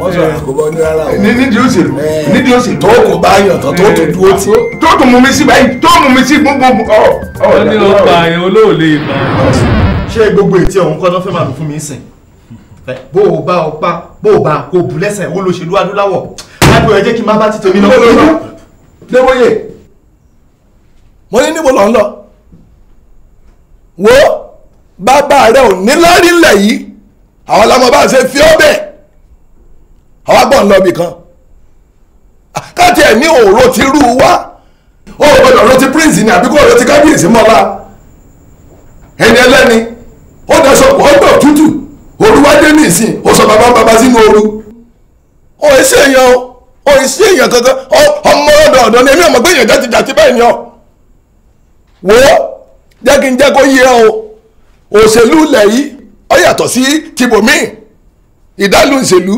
wọ́n sọ̀rọ̀ àkóbá ní rárá o. nídìí òṣèlú nídìí òṣèlú. tó kò bá yàn tán tó tó dúró tí. tó tó mú mi sí báyìí tó mú mi sí gbogbo. ó ní ọgbà yẹn olóòlè ìbá. ṣé gbogbo ètí ọ̀hún kọ́ ló fẹ́ máa lò fún mi sìn bó o bá o pa bó o bá kó bù lẹ́sẹ̀ ó lo ṣèlú adúláwọ̀ láti ọ̀rẹ́ jẹ́ kí n má bá ti tèmi lọ́wọ́ lọ́wọ́. débóyè mo ní níbo lọ ń lọ wo bàbá rẹ ò ní lórí ilẹ̀ yìí àwọn làwọn bá ṣe fi ọ́ bẹ́ẹ̀ àwọn agbọ̀n lọ bì kan káàtì ẹ̀ ní òòró ti rú wa òòró lọ ti prince ni àbíkó òòró ti kábíyèsí mọ́ba ẹni ẹlẹ́ni ó dẹ́sọ̀pọ̀ ó dọ̀ tútù. olùwádé nìsín ni sọ bàbá bàbá sínú ooru ó ẹ sí èèyàn ó ẹ sí èèyàn kankan ọmọ ni èmi ọmọ gbẹ̀yìn jáde jáde báyìí ni ọ wò ó kí n jẹ́ kó ọ òṣèlú ilẹ̀ yìí ó yàtọ̀ sí tibòmíì ìdálù ìṣèlú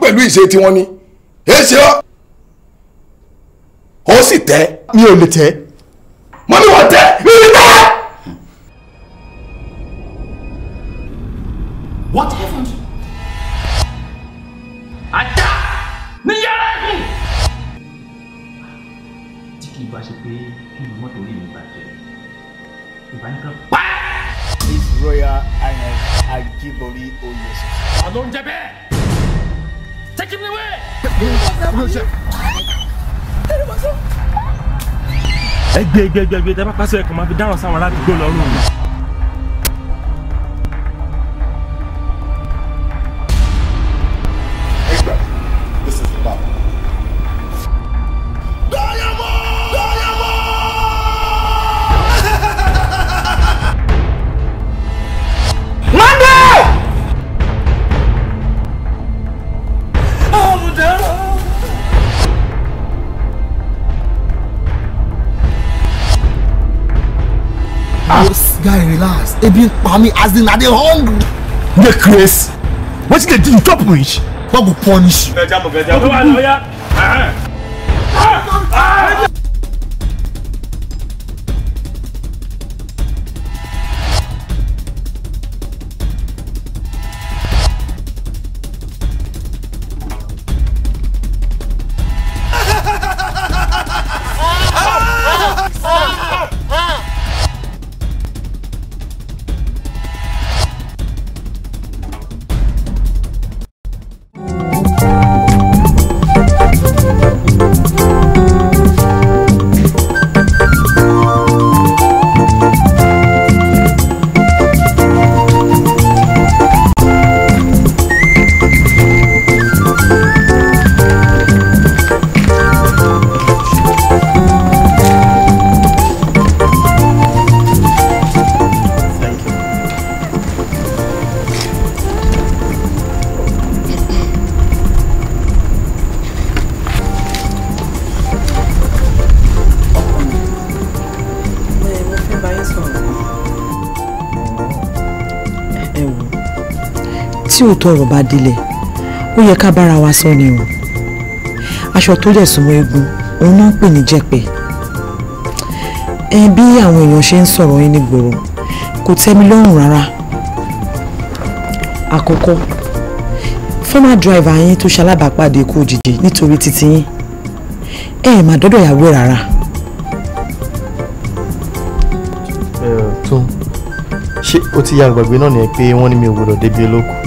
pẹ̀lú tiwọn ni èsì ọ ó sì tẹ́ mi ò lè tẹ́ wọ́n What happened? Ada! Ní yàrá ẹ̀kún! Tí kì í bá ṣe pé kí ni mọ́tò orí mi bàjẹ́, ìbánikà pa! His royal highness Ajibori Oyesi. Àlọ́ ń jẹ bẹ́ẹ̀! Take him away! Ẹgbẹ́ ẹgbẹ́ ẹgbẹ́ ẹgbẹ́ tẹ́ bá pàṣẹ ẹ̀kọ́ máa fi dáhùn sáwọn aládùúgbò lọ́rùn. ebi ń pa mí as in i dey hungry. ye craze wetin dey do you chop reach. god go punish you. tí òótọ́ ọ̀rọ̀ bá dilẹ̀ ó yẹ ká bára wa sọ ni o aṣọ tó lẹ̀ súnmọ́ eegun òun náà ń pè ní jẹ̀pẹ̀ ẹ bí àwọn èèyàn ṣe ń sọ̀rọ̀ yín nígboro kò tẹ́ mi rárá àkọ́kọ́ former driver yín tó ṣalábàápàdé ikú òjijì nítorí títí yín ẹ ẹ̀ má dọ́dọ̀ ìyàwó ẹ̀ rárá. ẹ ẹ tún ṣé o ti ya àgbàgbé náà ni pé wọ́n ní mi ò gbọ́dọ̀ débi olóko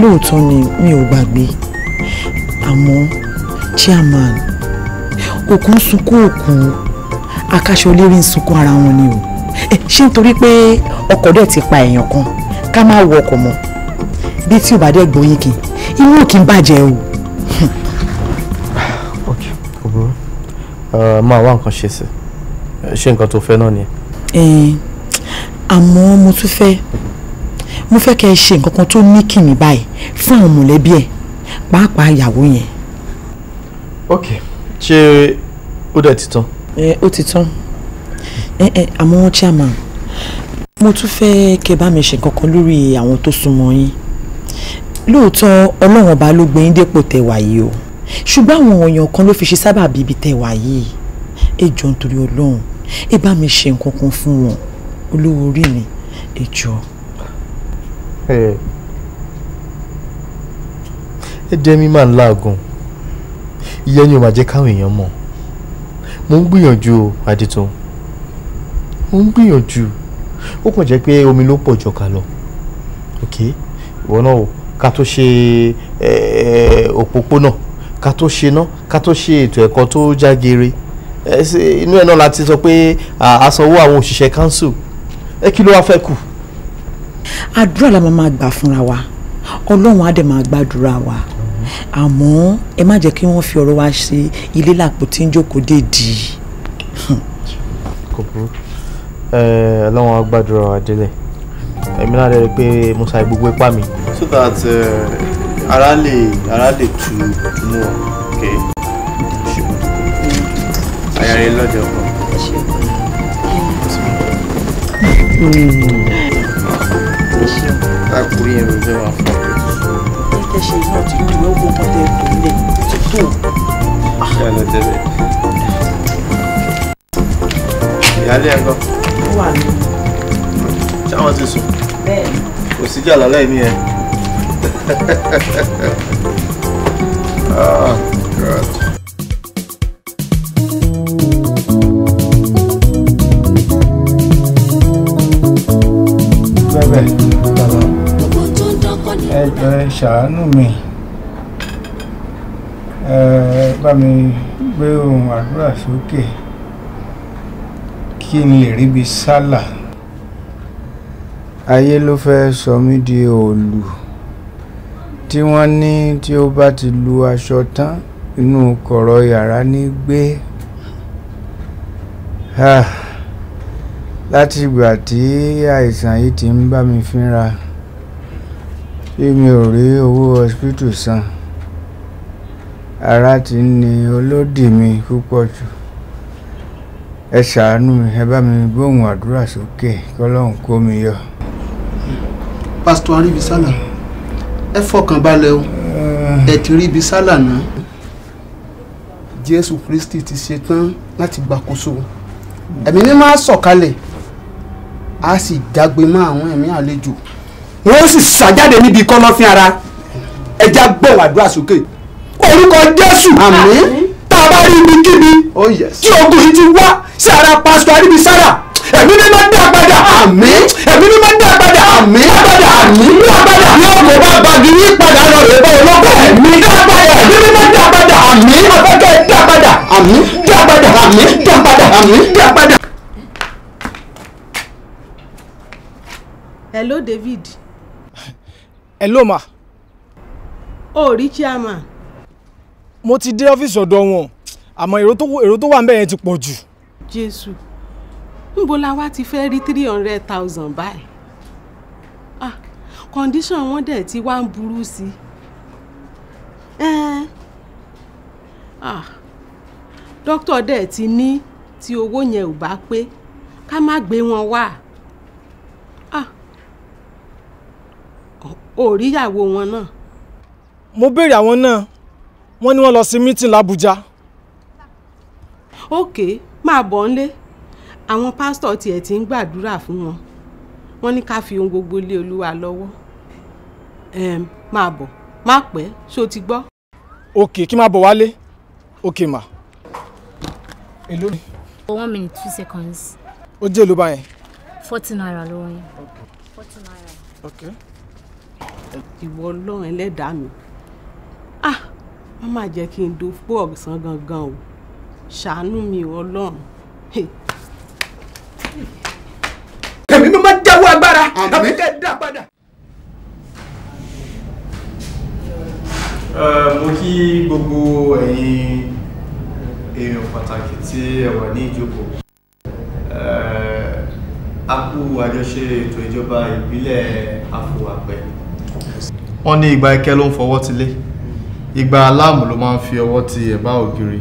lóòótọ́ ni mi ò gbàgbé àmọ́ chairman òkun sunkún òkú akáṣọ lérí ń sunkún ara wọn ni o ṣé nítorí pé ọkọ̀ dẹ̀ ti pa èèyàn kan ká má wọ ọkọ̀ mọ́ bí tí ò bá dẹ̀ gbóyin kì inú òkì ń bàjẹ́ o. *sighs* ok òbúrò máa wá nǹkan ṣe sí ṣé nǹkan tó fẹ́ náà nìyẹn. àmọ́ mo tún fẹ́ mo fẹ́ kẹ́ ẹ ṣe nǹkan kan tó ní kìmí báyìí fún àwọn mọ̀lẹ́bí ẹ̀ pàápàá ìyàwó yẹn. ok ṣé ó dẹ̀ ti tán. ẹ ó ti tán ẹ ẹ àmọ́ chairman mo tún fẹ́ kẹ́ bá mi ṣe nǹkan kan lórí àwọn tó súnmọ́ yín lóòótọ́ ọlọ́run ọba ló gbé yín dépò tẹ̀wá yìí o ṣùgbọ́n àwọn èèyàn kan ló fi ṣe sábà bíbi tẹ̀wá yìí ẹ jọ̀ọ́ nítorí ọlọ́run ẹ bá mi ṣe nǹkan kan fún wọn olówó orí mi ẹ jọ̀ọ́. Eh. ẹ̀dẹ̀ mi máa ń láàgùn ìyẹn ni ò máa jẹ́ káwọn èèyàn mọ̀ mo ń gbìyànjú o Adétọ̀ mo ń gbìyànjú ó kàn jẹ́ pé omi ló pọ̀ jọ̀ka lọ ok ìwọ náà ká tó ṣe òpópónà ká tó ṣe ná ká tó ṣe ètò ẹ̀kọ́ tó jágere inú ẹ̀ náà láti sọ pé àsanwó àwọn òṣìṣẹ́ council ẹ kí ló wá fẹ́ kù àdúrà la máa gbà fúnra wa ọlọ́run á dẹ̀ máa gbàdúrà wa àmọ́ ẹ má jẹ́ kí wọ́n fi ọ̀rọ̀ wa ṣe ilé làpò tí ń jókòó dèdì. kò burú ọlọ́run á gbàdúrà wa délẹ̀ èmi náà rẹ̀ pé mo sa gbogbo ipá mi. so that uh, ara lè ara lè tu tu mú ṣùgbọ́n àyà rẹ lọ́jọ́ kan. Mm káàkiri yẹn ló fẹ́ máa fọ ẹ. ẹ ṣe iná ti dùn ẹ gbọ́n pọ́tẹ́ ìpínlẹ̀ ti tó. ṣé ah. àná tẹ́lẹ̀. ìyáálé ẹ̀ ń kọ́. ó wà ní. ṣé ti sùn. bẹ́ẹ̀ni. kò síjà lálẹ́ ní ẹ. *laughs* ah. ṣàánú mi bá mi gbé ohun àdúrà sókè kí n lè ríbi sálà ayé ló fẹ́ sọ mí di òòlù tí wọ́n ní tí ó bá ti lu aṣọ tán inú kọ̀rọ̀ yàrá ní gbé láti ìgbà tí àìsàn yìí ti ń bá mi fínra ṣé mi ò rí owó hospital san ara ti ń ni olódì mi púpọ̀ jù ẹ ṣàánú mi ẹ bá mi gbóhùn àdúrà sókè kọlọ́hún kó mi yọ. pásítọ̀ aríbisálà ẹ fọkàn balẹ̀ o ẹ ti rí Bísálà náà Jésù Kristi ti ṣetán láti gbàkóso ẹ̀mí ni máa sọ̀kalẹ̀ a sì dágbe mọ́ àwọn ẹ̀mí àlejò wọ́n sì ṣàjáde níbi kọ́lọ́fín ara ẹja gbọ́ wàdúrà sókè orúkọ jésù àmín tá a bá rí ibikíbi oh, tí ogun yìí ti wá sí ara pásítọ̀ àríbisára ẹ̀mí ni máa dá padà àmín ẹ̀mí ni máa dá padà àmín padà àmín ní apadà ní ọkọ̀ bá bagi ní padà lọ rẹ̀ bá ọlọ́pàá ẹ̀mí dá padà ẹ̀mí ni máa dá padà àmín afẹ́kẹ́ dá padà àmín dá padà àmín dá padà àmín dá padà. hello David hello ma. o ò rí chairman. mo ti dé ọ́fíìsì ọ̀dọ̀ wọn àmọ́ èrò tó wà ń bẹ̀ yẹn ti pọ̀ jù. jésù níbo la wá ti fẹ́ rí three hundred thousand báyìí ah condition wọn dẹ̀ ti wá ń burú sí i eh, ah dókítà dẹ̀ ti ní tí owó yẹn ò bá pé ká má gbé wọn wá. òríyàwó wọn náà. mo béèrè àwọn náà wọ́n ní wọ́n lọ sí mítìn làbújá. ok máa bọ̀ ń lé àwọn pásítọ̀ tiẹ̀ ti ń gbàdúrà fún wọn wọ́n ní ká fi ohun gbogbo lé olúwa lọ́wọ́ um, máa bọ̀ má pẹ́ ṣó ti gbọ́. ok kí máa bọ̀ wálé ok ma. èló ni. one minute two seconds. ó jẹ́ èló báyẹn. forty naira ló wọ́n yẹn. forty naira. okay. okay ìwọ ọlọ́run ẹlẹ́dàá mi ah má má jẹ́ kí n dopó ọ̀sán gangan o ṣàánú mi ọlọ́run. ẹ̀mí mi máa dáwọ́ agbára àbí kẹ́ ẹ dá padà. mo kí gbogbo ẹ̀yin èèyàn pàtàkì tí ẹ wà ní ìjókòó a kú àjọṣe ètò ìjọba ìbílẹ̀ àfọwàpẹ́ wọ́n ní ìgbà ẹkẹ ló ń fọwọ́ ti lé ìgbà aláàmù ló máa ń fi ọwọ́ ti ẹ̀bá ògiri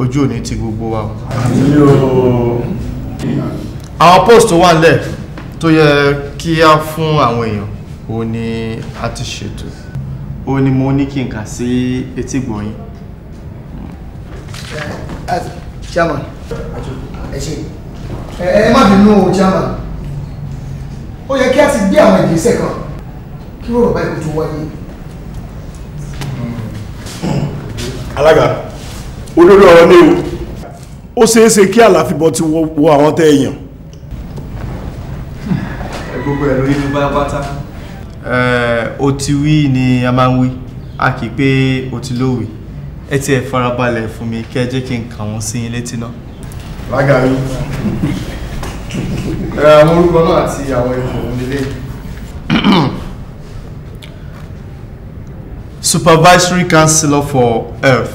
ojú òní ti gbogbo wa. àwọn post tó wà nílẹ̀ tó yẹ kí á fún àwọn èèyàn òun ni a ti ṣètò ó ní mo ní kí n kà sí etí gbọ̀nyìn. chairman ẹ ṣe ẹ má bínú o chairman ó yẹ kí a ti gbé àwọn ìgbésẹ̀ kan kí rọrùn báyìí kó tó wáyé. alága olórí ọ̀rọ̀ ni o ó ṣeé ṣe kí àlàfíbọ̀ ti wo àwọn tẹ́ èèyàn. ẹ gbogbo ẹ lórí mi bá pátá. O ti wí ni a máa ń wí a kì í pé ó ti lówìí ẹ ti ẹ̀ farabalẹ̀ fún mi kẹ́ ẹ jẹ́ kí n kà wọ́n sí yín létí náà. lágàrí àwọn orúkọ náà àti àwọn ipò òun nílé supervisory councillor for health.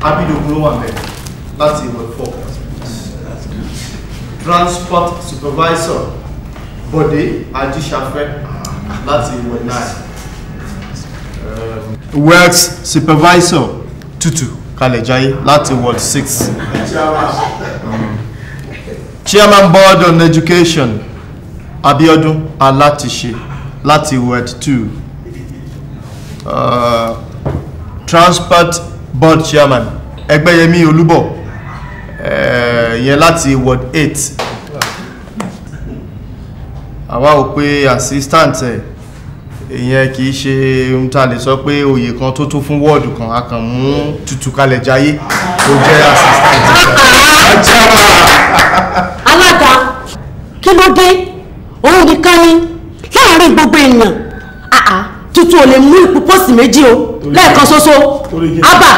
abidogun ló That's bẹ́ẹ̀ láti four transport supervisor bọ̀dé That's láti ìwé nine. works supervisor tutu kalejaye láti ward six. chairman board on education abiodun alatiṣe láti word two. Uh, transport board chairman ẹgbẹ́yẹmí olúbọ̀ uh, yẹn láti ward eight àwa ò pé assistant ẹ̀ ìyẹn kì í ṣe ohun tá a lè sọ pé oyè kan tó tó fún wọ́ọ̀dù kan a kàn mú tutù kalẹ̀ jayé tó jẹ́ assistant *laughs* alága kí ló dé òun nìkan ni láàárín gbogbo èèyàn ah, ah tuntun ò lè mú ipò pósì méjì o lẹ́ẹ̀kan ṣoṣo abba.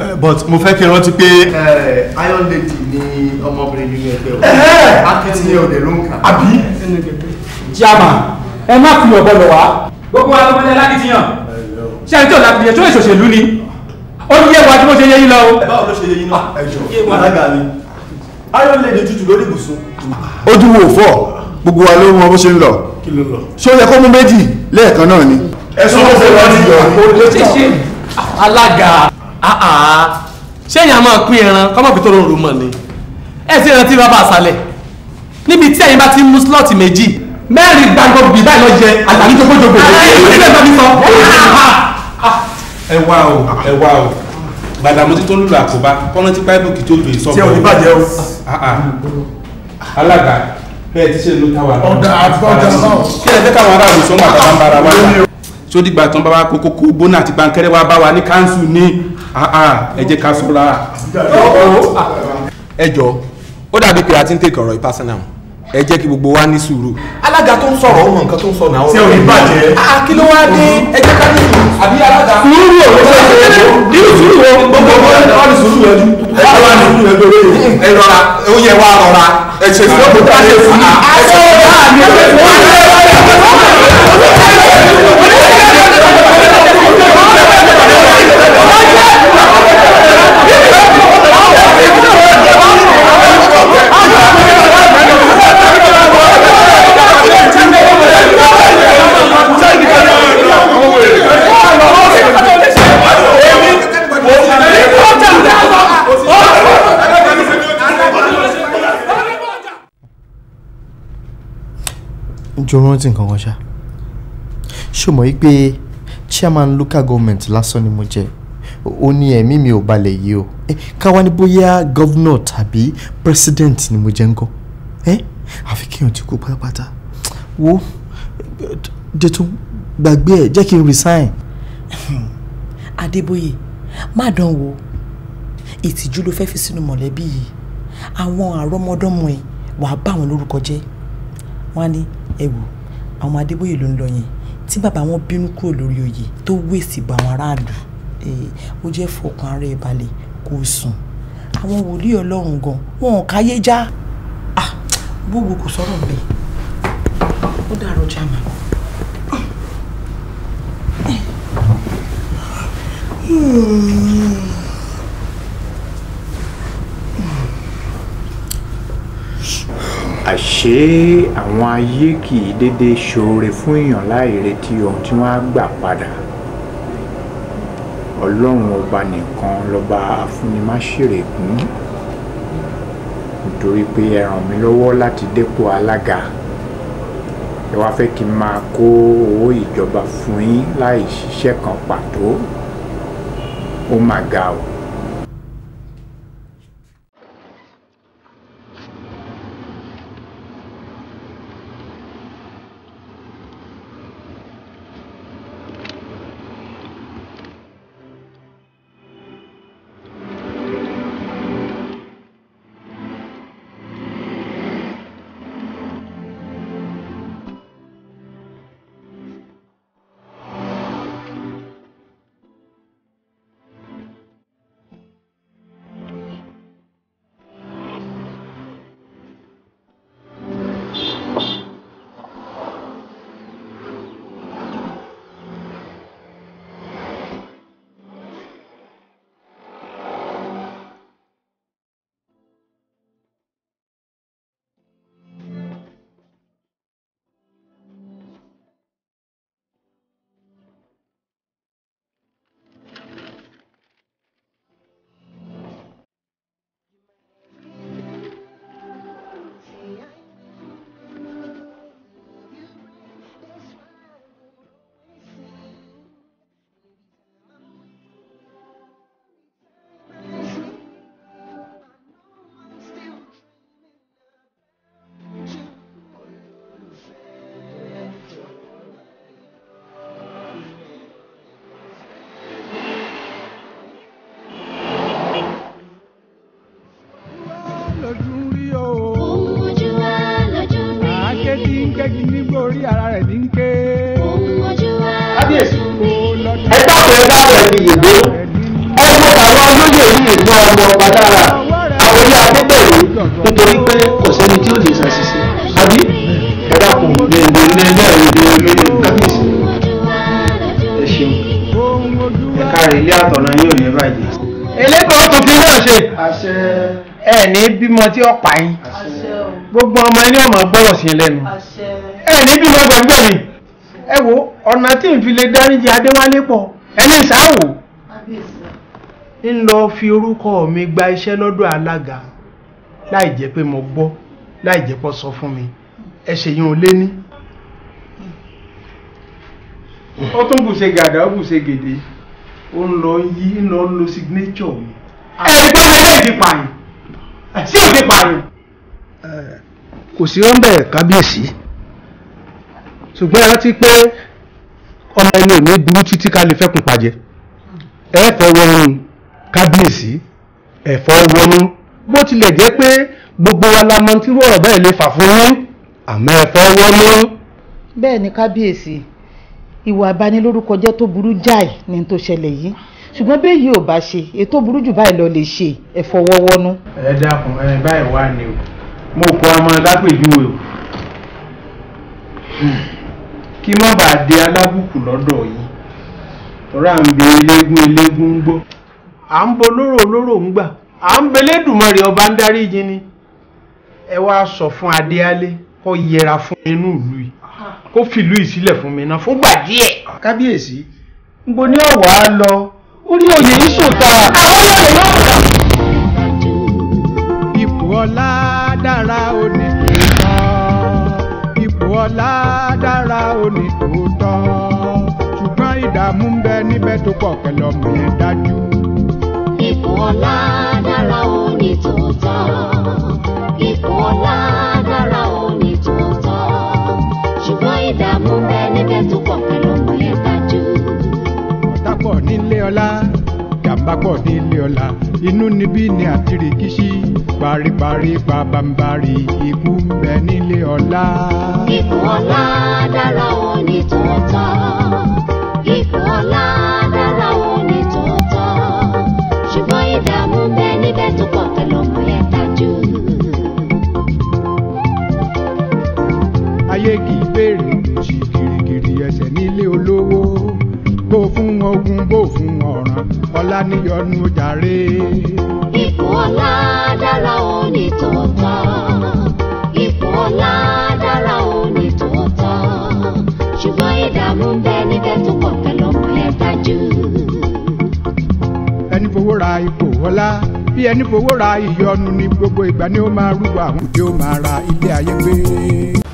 Eh, but mo fẹ́ kí n rántí pé. Eh, iron lady ni ọmọbìnrin nínú ẹgbẹ́ o akitiyan òde ló ń kà. àbí jama ẹ má fi ọ̀bọ lọ wá. gbogbo wa ló mọ ní alákìtìyàn ṣé ẹni tí ò lákìtìyàn tó ìṣòṣèlú ni ó ní yẹ wa tí mo ṣe yẹ yín lọ o. báwo ló ṣe yẹ yín náà ah, ẹjọ́ alága ni iron lady tutù lórí ibùsùn. ojú wo fọ gbogbo wa ló mọ bó ṣe ń lọ ṣé ó yẹ kó mú méjì lẹ́ẹ̀kan náà ni. ẹ̀sùn ló fẹ́ wá ti yọ ó ti ṣe alága ah, ah. ṣẹ́yìn àmọ́ pín ẹran kọ́mọ̀ pé tó lóun rò mọ̀ ni ẹ̀ sì rántí bàbá àṣálẹ̀ níbi tí ẹ̀yin bá ti mú slọ́ọ̀tì méjì mẹ́rin gbàgbọ́ bíi báyìí lọ́ọ́ yẹ àlàyé tó gbójó gbòòrò ìdílé bá mi sọ. ẹ wá o ẹ wá o gbàdàmọ́tí tó lùlù àkóbá pọ́nrán tí báíbù kì tó lù ìsọ̀bọ̀. tí ò ní bàjẹ́ o. Ah, alága bẹ́ẹ̀ ti ṣe ló táwa náà. ọ̀dà àtọ́jà náà. kí ẹ fẹ́ káwọn aráàlú sọ́mọ́ àtàwọn bára wá yá. sódì ìgbà tán bàbá kókó kó gbóná àti gbàǹkẹ́rẹ́ wa bá wa ní káńsù ní ah, ah, ẹ jẹ́ ká sọ́ra. ẹ jọ ó dàbí pé a ti ń tèkọ̀ ọ̀rọ̀ ìpásánà ẹ jẹ́ kí gbogbo wa ní sùúrù. alága tó ń sọ̀rọ̀ ọmọ nǹkan tó ń sọ náà. ṣé o ní bàjẹ́. a ah, kí ló wá dé ẹ ká ní sùúrù àbí alága. sùúrù o ní sùúrù o gbogbo ọmọ ẹ̀ ní sùúrù yẹn wà ní ẹ rọra ó yẹ wà rọra ẹ ṣe fún ọkùnrin ẹ ṣe fún ọkùnrin ẹ ṣe fún ọkùnrin. jọ rántí nǹkan kan ṣá ṣó mọ̀ wípé chairman local government lásán ni mo jẹ́ ó ní ẹ̀mí mi ò balẹ̀ yìí o káwa ní bóyá governor tàbí president ni mo jẹ́ ń kọ́ àfi kéèyàn ti kú pátápátá wo jẹ́tún gbàgbé ẹ̀ jẹ́ kí n resign. *clears throat* Adébóyè má dán wo, ìtìjú ló fẹ́ fi sínú mọ̀lẹ́bí yìí àwọn àrọ́mọdọ́mọ ẹ̀ wàá bá wọn lórúkọ jẹ́ wọ́n á ní ẹ wò àwọn adébóyè ló ń lọ yẹn tí bàbá wọn bínú kúrò lórí oyè tó wèsì bá àwọn aráàlú ó jẹ́ fọkàn ara ẹ̀ balẹ̀ kó sùn àwọn wòlíì ọlọ́run gan wọn ò káyé já gbogbo kò sọ̀rọ̀ bẹ́ẹ̀ ó dàrọ̀ jàmà. Hmm. àṣé àwọn ayé kì í déédéé ṣoore fún èèyàn láì retí ohun tí wọ́n á gbà padà ọlọ́run ọba nìkan lọ́ba afúnimáṣèrègún nítorí pé ẹ ràn mí lọ́wọ́ láti dépò alága ẹ wá fẹ́ kí n máa kó owó ìjọba fún yín láì ṣiṣẹ́ kan pàtó ó mà ga o. wọn tí ó pa yín gbogbo ọmọ ẹni ọmọ gbọ́rọ̀ sí lẹ́nu ẹ níbi wọn gbàgbé mi ẹ wo ọ̀nà tí n fi lè dáríjì adéwálé pọ̀ ẹni ìsáwò ń lọ fi orúkọ mi gba iṣẹ́ lọ́dọ̀ alága láì jẹ́ pé mo gbọ́ láì jẹ́ pọ́ sọ fún mi ẹ ṣèyàn ò lé ní ó tún bù ṣe gàdá ó bù ṣe gèdè ó ń lọ yí ń lọ lo signature mi. ẹgbẹ́ ẹ̀ẹ́dì pààyàn sí òde pààyàn. kò sí ó ń bẹ̀ kábíyèsí ṣùgbọ́n ẹ rántí pé ọmọ ẹni ò ní burú títí ká lè fẹ́kùn pàjẹ́ ẹ fọwọ́ ohun kábíyèsí ẹ̀fọ́ wọnú bó tilẹ̀ jẹ́ pé gbogbo wa la mọ̀ tí wọ́ọ̀rọ̀ bẹ́ẹ̀ lè fà fún yín àmọ́ ẹ̀fọ́ wọnú. bẹ́ẹ̀ ni kábíyèsí ìwà abanilórúkọjẹ́ tó burú jáì ni tó ṣẹlẹ̀ yìí ṣùgbọ́n bẹ́ẹ̀ yìí ò bá ṣe ètò burú jù báyìí lọ lè ṣe ẹ fọwọ́ wọnú. ẹ dákun ẹ báyìí wà ní o mo kọ ọmọ lápèjúwe o hmm. kí má bàa dé alábùkù lọ́dọ̀ yìí tọ́ra ń bẹ eléégún eléégún ń gbọ́ à ń bo lóró lóró ń gbà à ń belé dùmọ̀rì ọba ń darí yín ni ẹ wá sọ fún adéálé kó yẹra fún inú ìlú yìí kó fìlú ìsílẹ̀ fún mi náà fúngbà díẹ̀ kábíyèsí ń bo ní ọ̀wá lọ. orí oyè yìí sòta. àwọn oyè yóò dà. ipò ọlá dára ó ní tòótọ́ ipò ọlá dára ó ní tòótọ́ ṣùgbọ́n ìdààmú ń bẹ níbẹ̀ tó pọ̀ pẹ̀lú ọmọ yẹn dájú. ipò ọlá dára ó ní tòótọ́ ipò ọlá dára ó ní tòótọ́ ṣùgbọ́n ìdààmú ń bẹ níbẹ̀ tó pọ̀ pẹ̀lú ọmọ yẹn dájú. ọ̀tá pọ̀ nílé ọlá bá pọ̀ nílé ọ̀la inú níbí ni àtìrìkìṣí paríparí pabambarì ikú ń bẹ nílé ọ̀la. ikú ọ̀la dára òní tó tọ́ ikú ọ̀la dára òní tó ṣùgbọ́n ìdààmú bẹ níbẹ̀ tó pọ̀ pẹ̀lú ọmọ yẹn tajú. ayé kì í béèrè òṣì gírígírí ẹsẹ̀ nílé olówó kó fún ogun bò fún ọ̀ràn ọlá níyọnu jàre. ipò ọlá dára ó ní tòótọ́ ipò ọlá dára ó ní tòótọ́ ṣùgbọ́n ìdààmú ń níbẹ̀ tó pọ̀ pẹ̀lú ọkùnrin dájú. ẹni fowó ra ipò ọlá bí ẹni fowó ra ìyọnu ní gbogbo ìgbà ni ó máa rúgbà àwọn òde ó máa ra ilé ayé gbé.